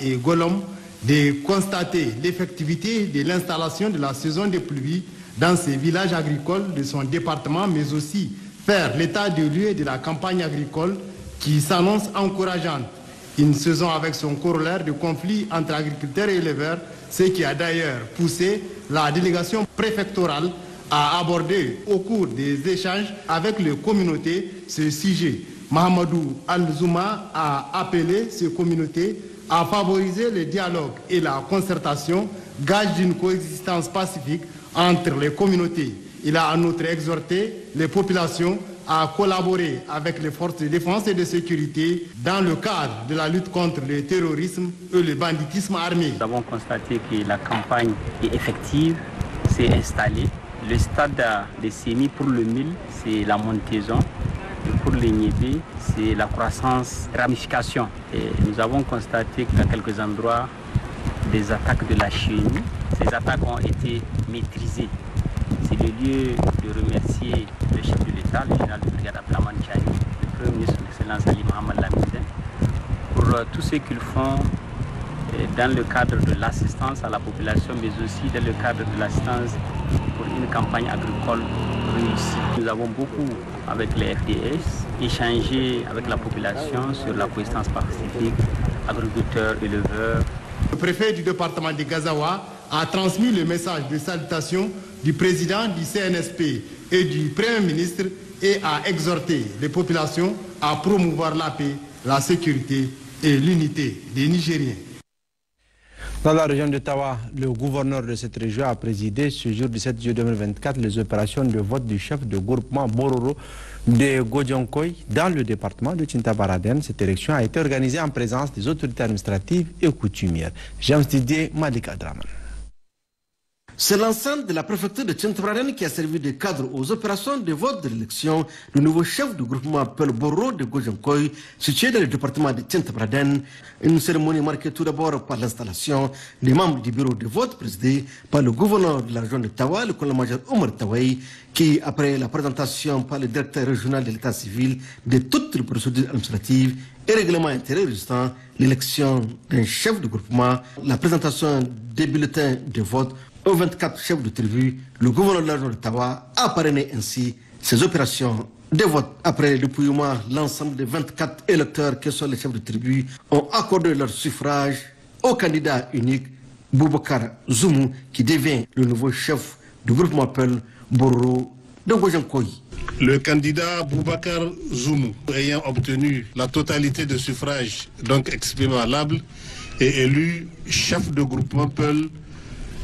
et Golom, de constater l'effectivité de l'installation de la saison des pluies dans ces villages agricoles de son département, mais aussi faire l'état de lieu de la campagne agricole qui s'annonce encourageante. Une saison avec son corollaire de conflits entre agriculteurs et éleveurs, ce qui a d'ailleurs poussé la délégation préfectorale à aborder au cours des échanges avec les communautés ce sujet. Mahamadou Al-Zouma a appelé ces communautés à favoriser le dialogue et la concertation, gage d'une coexistence pacifique entre les communautés. Il a en outre exhorté les populations à collaborer avec les forces de défense et de sécurité dans le cadre de la lutte contre le terrorisme et le banditisme armé. Nous avons constaté que la campagne est effective, s'est installée. Le stade des semis pour le 1000, c'est la montaison pour Niébés, c'est la croissance ramification. nous avons constaté qu'à quelques endroits, des attaques de la Chine, ces attaques ont été maîtrisées. C'est le lieu de remercier le chef de l'État, le général de brigade Chani, le premier ministre, d'excellence Ali Mohamed Lamidin, pour euh, tout ce qu'ils font euh, dans le cadre de l'assistance à la population, mais aussi dans le cadre de l'assistance pour une campagne agricole nous avons beaucoup, avec les FDS, échangé avec la population sur la puissance pacifique, agriculteurs, éleveurs. Le préfet du département de Gazawa a transmis le message de salutation du président du CNSP et du Premier ministre et a exhorté les populations à promouvoir la paix, la sécurité et l'unité des Nigériens. Dans la région de le gouverneur de cette région a présidé ce jour du 7 juillet 2024 les opérations de vote du chef de groupement Bororo de Godjonkoy dans le département de Tintabaraden. Cette élection a été organisée en présence des autorités administratives et coutumières. James Didier, Madika c'est l'ensemble de la préfecture de Tientabraden qui a servi de cadre aux opérations de vote de l'élection du nouveau chef du groupement Pel Borro de Gojankoy, situé dans le département de Tientabraden. Une cérémonie marquée tout d'abord par l'installation des membres du bureau de vote présidé par le gouverneur de la région de Tawa, le colonel-major Omar Tawai, qui, après la présentation par le directeur régional de l'état civil de toutes les procédures administratives et règlement résistants, l'élection d'un chef de groupement, la présentation des bulletins de vote aux 24 chefs de tribu, le gouverneur Tawa a parrainé ainsi ces opérations de vote. Après le mois, l'ensemble des 24 électeurs que sont les chefs de tribu ont accordé leur suffrage au candidat unique Boubacar Zoumou qui devient le nouveau chef du groupement Borro de Dongojankoy. Le candidat Boubacar Zoumou, ayant obtenu la totalité de suffrages, donc exprimables, est élu chef de groupement Peul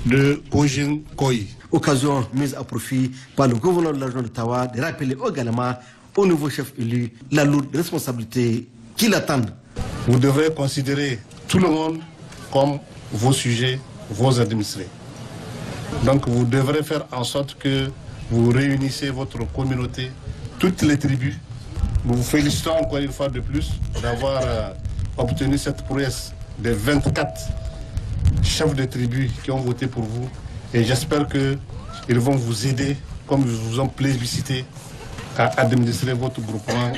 de Kojin Koi. Occasion mise à profit par le gouverneur de la région Tawa de rappeler également au nouveau chef élu la lourde responsabilité qui l'attend. Vous devrez considérer tout le monde comme vos sujets, vos administrés. Donc vous devrez faire en sorte que vous réunissez votre communauté, toutes les tribus. Nous vous félicitons encore une fois de plus d'avoir euh, obtenu cette prouesse des 24 chefs de tribu qui ont voté pour vous. Et j'espère qu'ils vont vous aider, comme ils vous ont plébiscité, à administrer votre groupement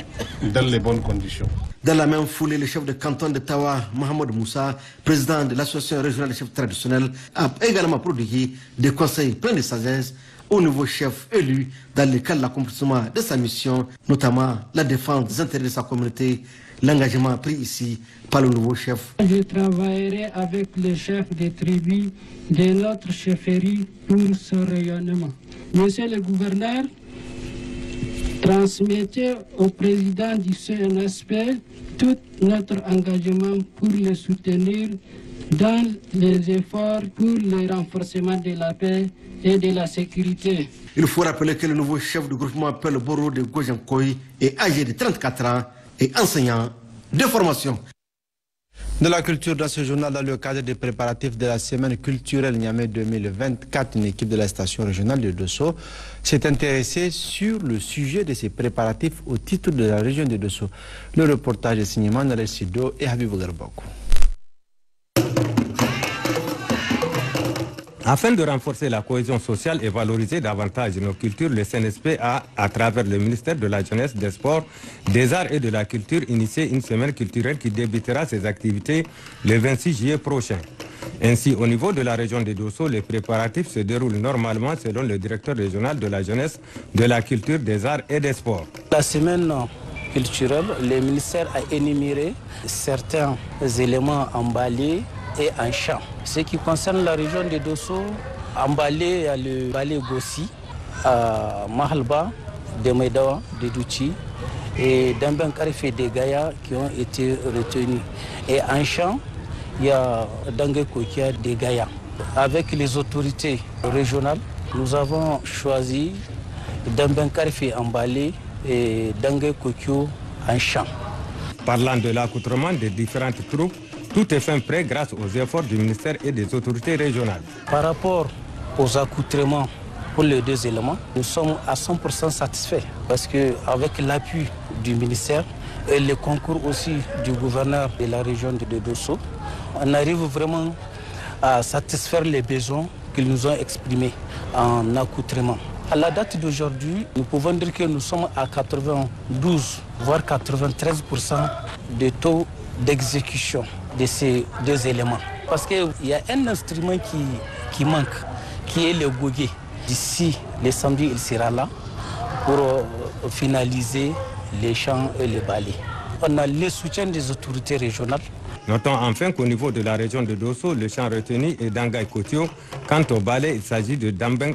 dans les bonnes conditions. Dans la même foulée, le chef de canton de Tawa, Mohamed Moussa, président de l'association régionale des chefs traditionnels, a également produit des conseils pleins de sagesse au nouveau chef élu dans le cadre de l'accomplissement de sa mission, notamment la défense des intérêts de sa communauté l'engagement pris ici par le nouveau chef. Je travaillerai avec le chef des tribus de notre chefferie pour ce rayonnement. Monsieur le gouverneur, transmettez au président du CNSP tout notre engagement pour le soutenir dans les efforts pour le renforcement de la paix et de la sécurité. Il faut rappeler que le nouveau chef du groupement Peleboro Boro de Gojankoi est âgé de 34 ans et enseignants de formation. De la culture dans ce journal, dans le cadre des préparatifs de la semaine culturelle Niamey 2024, une équipe de la station régionale de Dosso s'est intéressée sur le sujet de ces préparatifs au titre de la région de Dosso. Le reportage est signé par Sido et Habib Garbakou. Afin de renforcer la cohésion sociale et valoriser davantage nos cultures, le CNSP a, à travers le ministère de la Jeunesse, des Sports, des Arts et de la Culture, initié une semaine culturelle qui débutera ses activités le 26 juillet prochain. Ainsi, au niveau de la région des Dossaux, les préparatifs se déroulent normalement selon le directeur régional de la Jeunesse, de la Culture, des Arts et des Sports. La semaine culturelle, le ministère a énuméré certains éléments emballés et en champ. Ce qui concerne la région de Dosso, en à il y a le Balé Gossi, à Mahalba, de Medawa, de Douti et d'Ambankarif et de Gaïa qui ont été retenus. Et en champ, il y a Dangekokia des Gaïa. Avec les autorités régionales, nous avons choisi Dambankarif en Balé et Dange en champ. Parlant de l'accoutrement des différentes troupes, tout est fin prêt grâce aux efforts du ministère et des autorités régionales. Par rapport aux accoutrements pour les deux éléments, nous sommes à 100% satisfaits parce qu'avec l'appui du ministère et le concours aussi du gouverneur de la région de Dosso, on arrive vraiment à satisfaire les besoins qu'ils nous ont exprimés en accoutrement. À la date d'aujourd'hui, nous pouvons dire que nous sommes à 92, voire 93% des taux d'exécution de ces deux éléments. Parce qu'il y a un instrument qui, manque, qui est le goguet. D'ici le samedi, il sera là pour euh, finaliser les champs et les balais. On a le soutien des autorités régionales. Notons enfin qu'au niveau de la région de Dosso, le champ retenu est d'Angaï Kotio. Quant au balai, il s'agit de Dambeng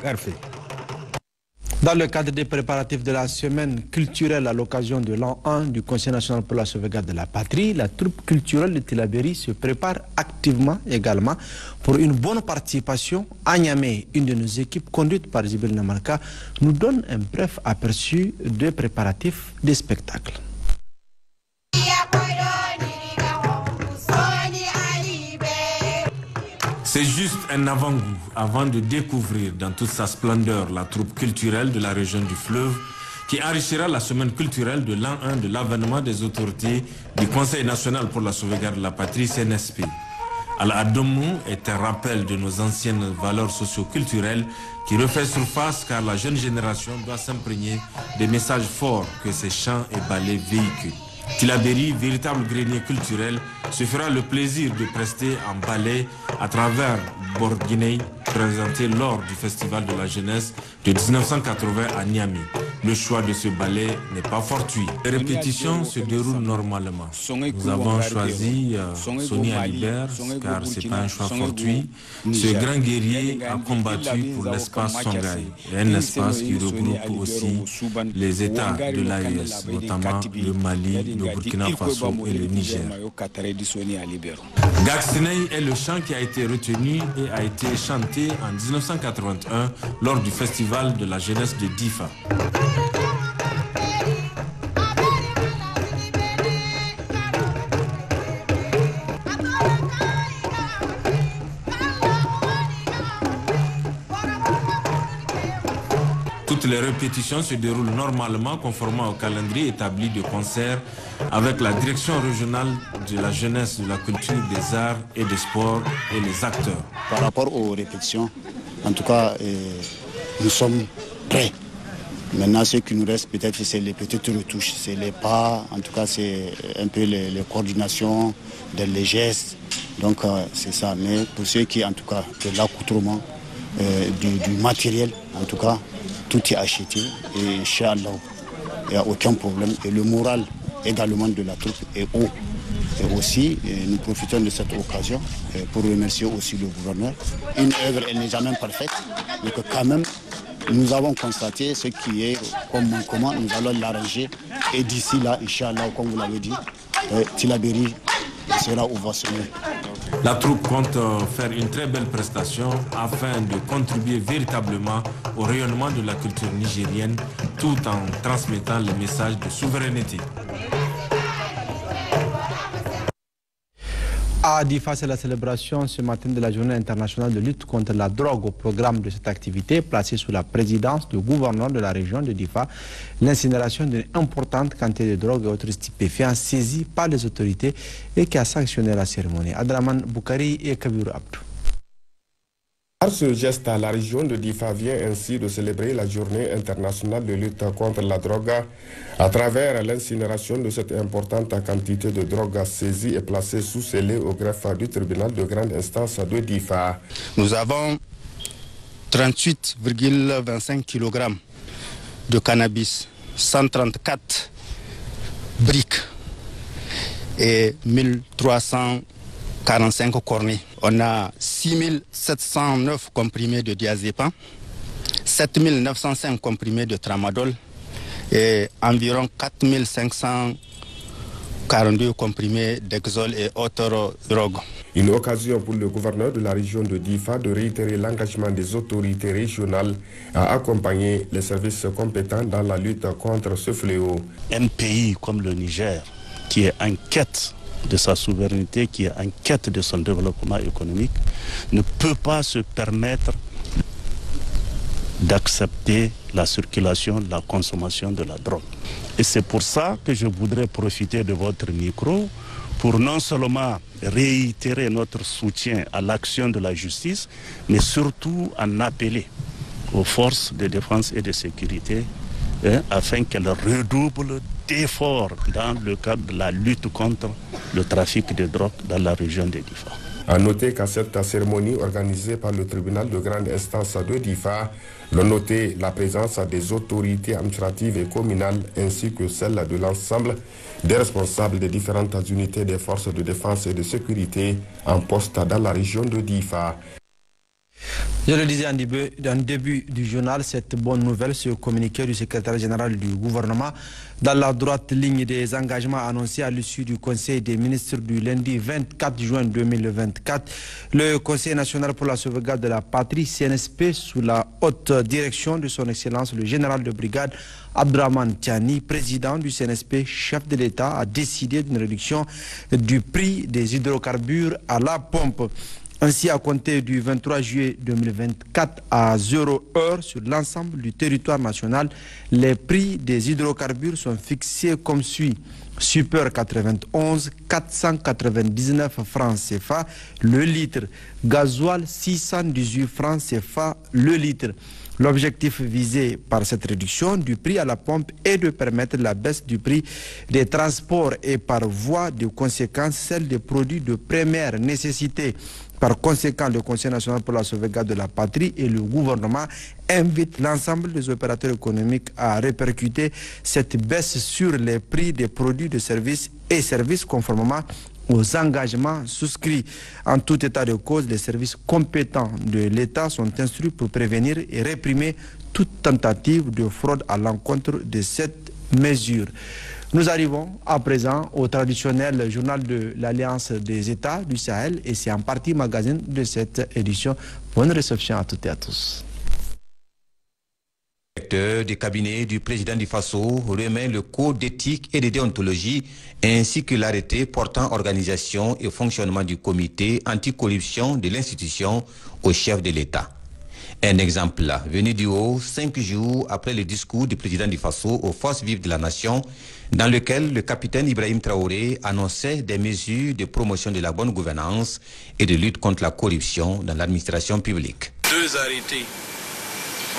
dans le cadre des préparatifs de la semaine culturelle à l'occasion de l'an 1 du Conseil national pour la sauvegarde de la patrie, la troupe culturelle de Tilaberi se prépare activement également pour une bonne participation à Une de nos équipes conduite par Zibel Namarka nous donne un bref aperçu des préparatifs des spectacles. C'est juste un avant-goût avant de découvrir dans toute sa splendeur la troupe culturelle de la région du fleuve qui enrichira la semaine culturelle de l'an 1 de l'avènement des autorités du Conseil national pour la sauvegarde de la patrie, CNSP. Al-Adomou est un rappel de nos anciennes valeurs socio-culturelles qui refait surface car la jeune génération doit s'imprégner des messages forts que ces chants et ballets véhiculent. Tilaberi, véritable grenier culturel, se fera le plaisir de prester un ballet à travers Borguinei, présenté lors du Festival de la jeunesse de 1980 à Niamey. Le choix de ce ballet n'est pas fortuit. Les répétitions se déroulent normalement. Nous avons choisi euh, Sonny Alibert car ce n'est pas un choix fortuit. Ce grand guerrier a combattu pour l'espace Songhai, un espace qui regroupe aussi les États de l'AES, notamment le Mali, le et le Niger. est le chant qui a été retenu et a été chanté en 1981 lors du festival de la jeunesse de Difa. les répétitions se déroulent normalement conformément au calendrier établi de concert avec la direction régionale de la jeunesse, de la culture, des arts et des sports et les acteurs. Par rapport aux répétitions, en tout cas, euh, nous sommes prêts. Maintenant, ce qui nous reste peut-être, c'est les petites retouches, c'est les pas, en tout cas, c'est un peu les, coordinations, les gestes. Donc, euh, c'est ça. Mais pour ceux qui, en tout cas, de l'accoutrement, euh, du matériel, en tout cas, tout est acheté et Inch'Allah, il n'y a aucun problème. Et le moral également de la troupe est haut. Et aussi, nous profitons de cette occasion pour remercier aussi le gouverneur. Une œuvre, elle n'est jamais parfaite, mais que quand même, nous avons constaté ce qui est comme comment nous allons l'arranger. Et d'ici là, Inch'Allah, comme vous l'avez dit, euh, Tilabéry sera ovationné. La troupe compte euh, faire une très belle prestation afin de contribuer véritablement au rayonnement de la culture nigérienne tout en transmettant le message de souveraineté. À DIFA, c'est la célébration ce matin de la Journée internationale de lutte contre la drogue. Au programme de cette activité, placée sous la présidence du gouverneur de la région de DIFA, l'incinération d'une importante quantité de drogue et autres stupéfiants saisis par les autorités et qui a sanctionné la cérémonie. Adraman Boukari et Kabir par ce geste, la région de Difa vient ainsi de célébrer la journée internationale de lutte contre la drogue à travers l'incinération de cette importante quantité de drogue saisie et placée sous scellé au greffe du tribunal de grande instance de Difa. Nous avons 38,25 kg de cannabis, 134 briques et 1345 cornets. On a 6709 comprimés de diazépam, 7905 comprimés de tramadol et environ 4542 comprimés d'exol et autres drogues. Une occasion pour le gouverneur de la région de Difa de réitérer l'engagement des autorités régionales à accompagner les services compétents dans la lutte contre ce fléau. Un pays comme le Niger qui est en quête de sa souveraineté, qui est en quête de son développement économique, ne peut pas se permettre d'accepter la circulation, la consommation de la drogue. Et c'est pour ça que je voudrais profiter de votre micro pour non seulement réitérer notre soutien à l'action de la justice, mais surtout en appeler aux forces de défense et de sécurité hein, afin qu'elles redoublent fort dans le cadre de la lutte contre le trafic de drogue dans la région de Difa. A noter qu'à cette cérémonie organisée par le tribunal de grande instance de Difa, l'on notait la présence des autorités administratives et communales ainsi que celle de l'ensemble des responsables des différentes unités des forces de défense et de sécurité en poste dans la région de Difa. Je le disais en début, début, du journal, cette bonne nouvelle, se communiqué du secrétaire général du gouvernement, dans la droite ligne des engagements annoncés à l'issue du Conseil des ministres du lundi 24 juin 2024, le Conseil national pour la sauvegarde de la patrie, CNSP, sous la haute direction de son Excellence le général de brigade Abdraman Tiani, président du CNSP, chef de l'État, a décidé d'une réduction du prix des hydrocarbures à la pompe. Ainsi, à compter du 23 juillet 2024 à 0 heure sur l'ensemble du territoire national, les prix des hydrocarbures sont fixés comme suit. Super 91, 499 francs CFA le litre. Gasoil, 618 francs CFA le litre. L'objectif visé par cette réduction du prix à la pompe est de permettre la baisse du prix des transports et par voie de conséquence celle des produits de première nécessité. Par conséquent, le Conseil national pour la sauvegarde de la patrie et le gouvernement invitent l'ensemble des opérateurs économiques à répercuter cette baisse sur les prix des produits de services et services conformément aux engagements souscrits. En tout état de cause, les services compétents de l'État sont instruits pour prévenir et réprimer toute tentative de fraude à l'encontre de cette mesure. Nous arrivons à présent au traditionnel journal de l'Alliance des États du Sahel et c'est en partie magazine de cette édition. Bonne réception à toutes et à tous directeur du cabinet du président du FASO remet le code d'éthique et de déontologie ainsi que l'arrêté portant organisation et fonctionnement du comité anticorruption de l'institution au chef de l'État. Un exemple là, venu du haut, cinq jours après le discours du président du Faso aux forces vives de la nation, dans lequel le capitaine Ibrahim Traoré annonçait des mesures de promotion de la bonne gouvernance et de lutte contre la corruption dans l'administration publique. Deux arrêtés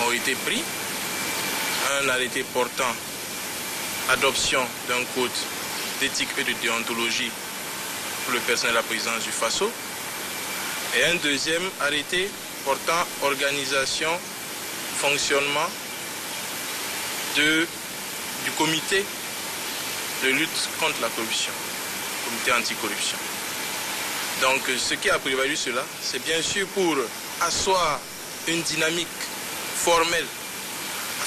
ont été pris un arrêté portant adoption d'un code d'éthique et de déontologie pour le personnel à la présidence du FASO, et un deuxième arrêté portant organisation, fonctionnement de, du comité de lutte contre la corruption, comité anticorruption. Donc ce qui a prévalu cela, c'est bien sûr pour asseoir une dynamique formelle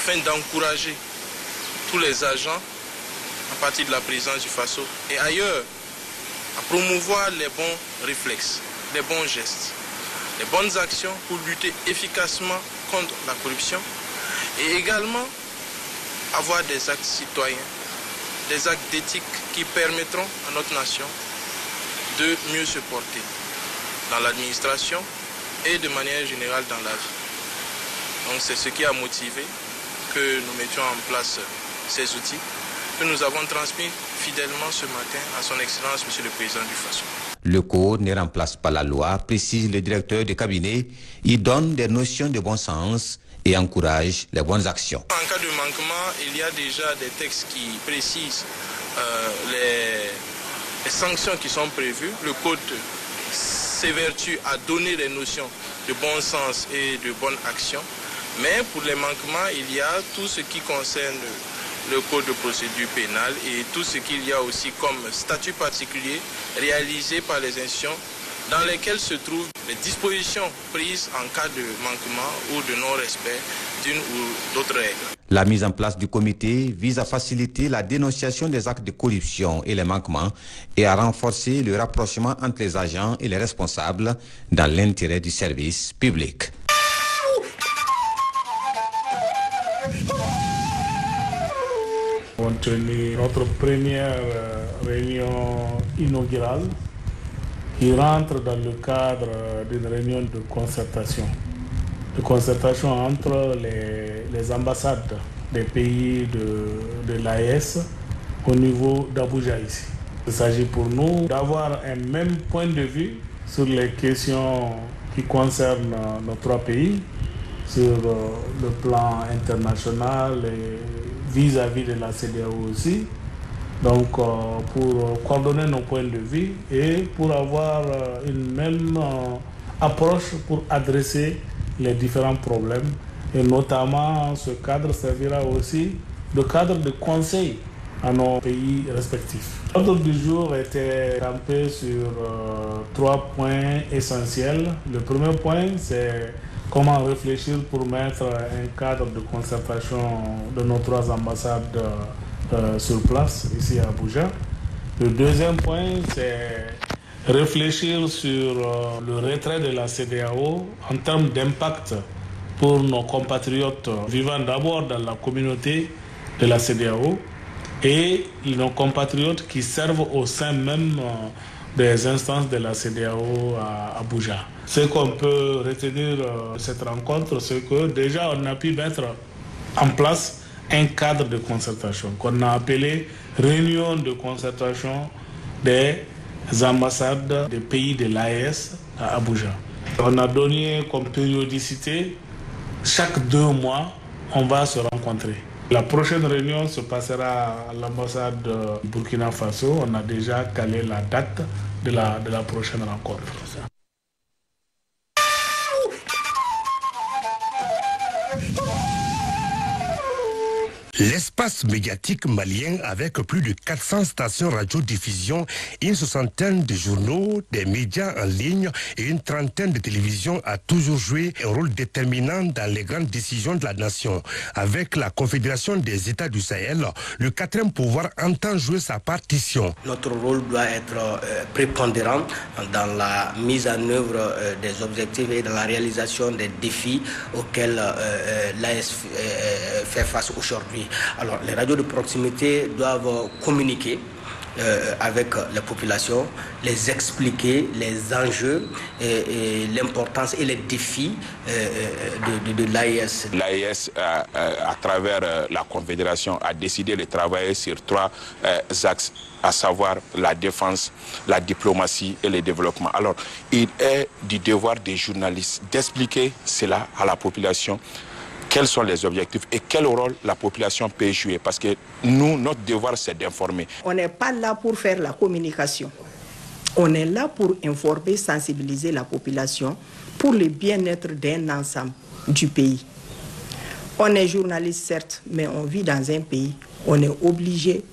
afin d'encourager tous les agents à partir de la présence du FASO et ailleurs à promouvoir les bons réflexes, les bons gestes, les bonnes actions pour lutter efficacement contre la corruption et également avoir des actes citoyens, des actes d'éthique qui permettront à notre nation de mieux se porter dans l'administration et de manière générale dans la vie. Donc c'est ce qui a motivé nous mettions en place ces outils que nous avons transmis fidèlement ce matin à son Excellence, Monsieur le Président du FASO. Le code ne remplace pas la loi, précise le directeur du cabinet. Il donne des notions de bon sens et encourage les bonnes actions. En cas de manquement, il y a déjà des textes qui précisent euh, les, sanctions qui sont prévues. Le code s'évertue à donner des notions de bon sens et de bonne action. Mais pour les manquements, il y a tout ce qui concerne le code de procédure pénale et tout ce qu'il y a aussi comme statut particulier réalisé par les institutions dans lesquelles se trouvent les dispositions prises en cas de manquement ou de non-respect d'une ou d'autre règle. La mise en place du comité vise à faciliter la dénonciation des actes de corruption et les manquements et à renforcer le rapprochement entre les agents et les responsables dans l'intérêt du service public. notre première réunion inaugurale qui rentre dans le cadre d'une réunion de concertation, de concertation entre les, ambassades des pays de, de l'AES au niveau d'Abuja ici. Il s'agit pour nous d'avoir un même point de vue sur les questions qui concernent nos trois pays, sur euh, le plan international et vis-à-vis de la CDAO aussi, donc euh, pour coordonner nos points de vue et pour avoir euh, une même euh, approche pour adresser les différents problèmes. Et notamment, ce cadre servira aussi de cadre de conseil à nos pays respectifs. L'ordre du jour était campé sur trois points essentiels. Le premier point, c'est comment réfléchir pour mettre un cadre de concertation de nos trois ambassades euh, euh, sur place, ici à Abuja. Le deuxième point, c'est réfléchir sur euh, le retrait de la CDAO en termes d'impact pour nos compatriotes vivant d'abord dans la communauté de la CDAO et nos compatriotes qui servent au sein même des instances de la CDAO à Abuja. Ce qu'on peut retenir euh, de cette rencontre, c'est que déjà on a pu mettre en place un cadre de concertation qu'on a appelé réunion de concertation des ambassades des pays de l'AES à Abuja. On a donné comme périodicité, chaque deux mois, on va se rencontrer. La prochaine réunion se passera à l'ambassade de euh, Burkina Faso. On a déjà calé la date de la, de la prochaine rencontre. L'espace médiatique malien avec plus de 400 stations radiodiffusion, une soixantaine de journaux, des médias en ligne et une trentaine de télévisions a toujours joué un rôle déterminant dans les grandes décisions de la nation. Avec la Confédération des États du Sahel, le quatrième pouvoir entend jouer sa partition. Notre rôle doit être euh, prépondérant dans la mise en œuvre euh, des objectifs et dans la réalisation des défis auxquels euh, l'AS fait face aujourd'hui. Alors les radios de proximité doivent communiquer euh, avec la population, les expliquer les enjeux l'importance et les défis euh, euh, de, de, de l'AIS. L'AIS, à travers la Confédération, a décidé de travailler sur trois axes à savoir la défense, la diplomatie et le développement. Alors, il est du devoir des journalistes d'expliquer cela à la population, quels sont les objectifs et quel rôle la population peut jouer. Parce que nous, notre devoir, c'est d'informer. On n'est pas là pour faire la communication. On est là pour informer, sensibiliser la population pour le bien-être d'un ensemble du pays. On est journaliste, certes, mais on vit dans un pays. On est obligé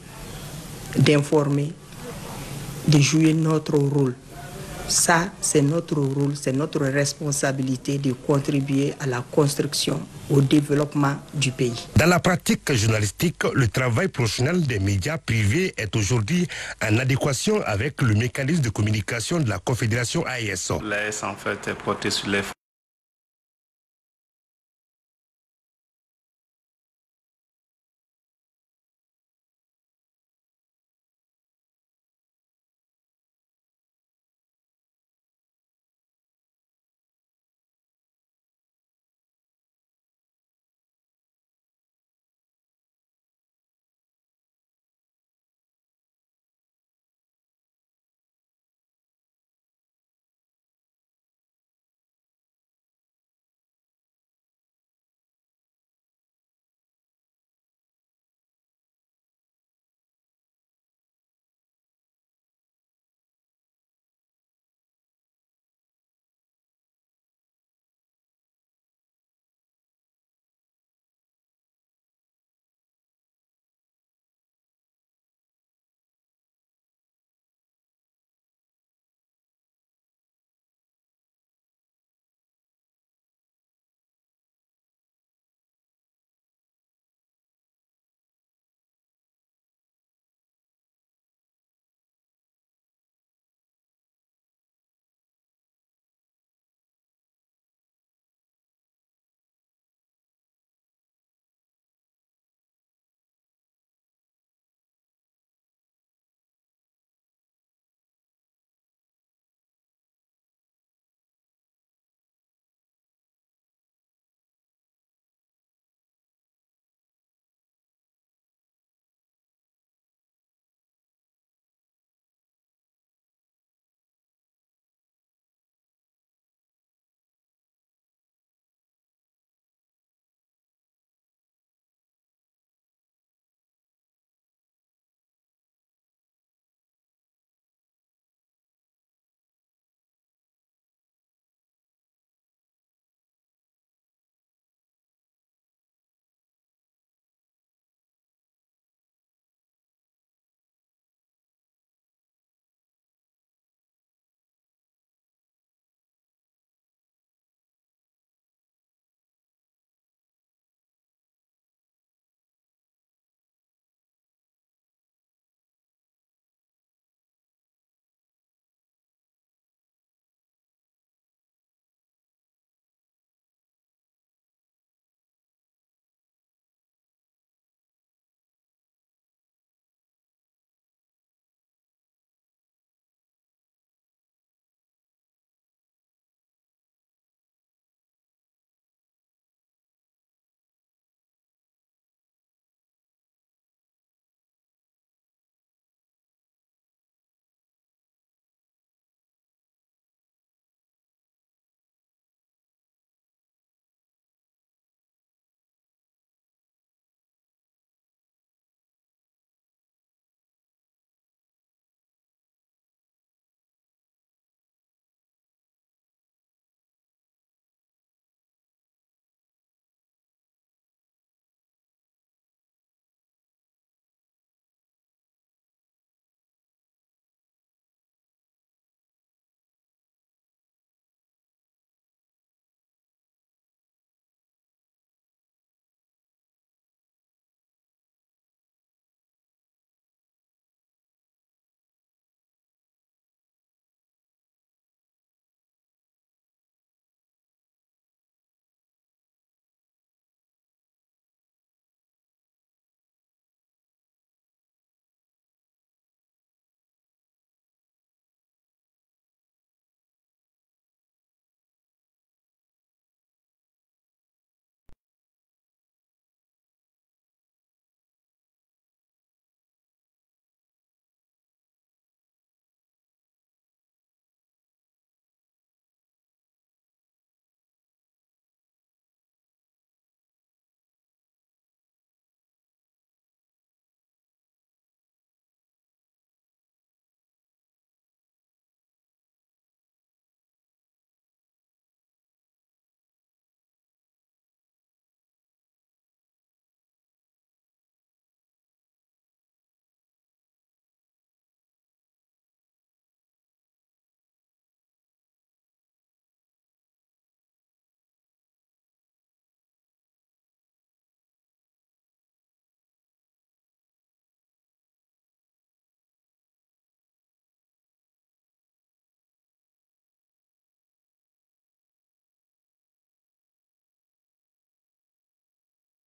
d'informer, de jouer notre rôle. Ça, c'est notre rôle, c'est notre responsabilité de contribuer à la construction, au développement du pays. Dans la pratique journalistique, le travail professionnel des médias privés est aujourd'hui en adéquation avec le mécanisme de communication de la Confédération ISO. L'AES, en fait, est sur les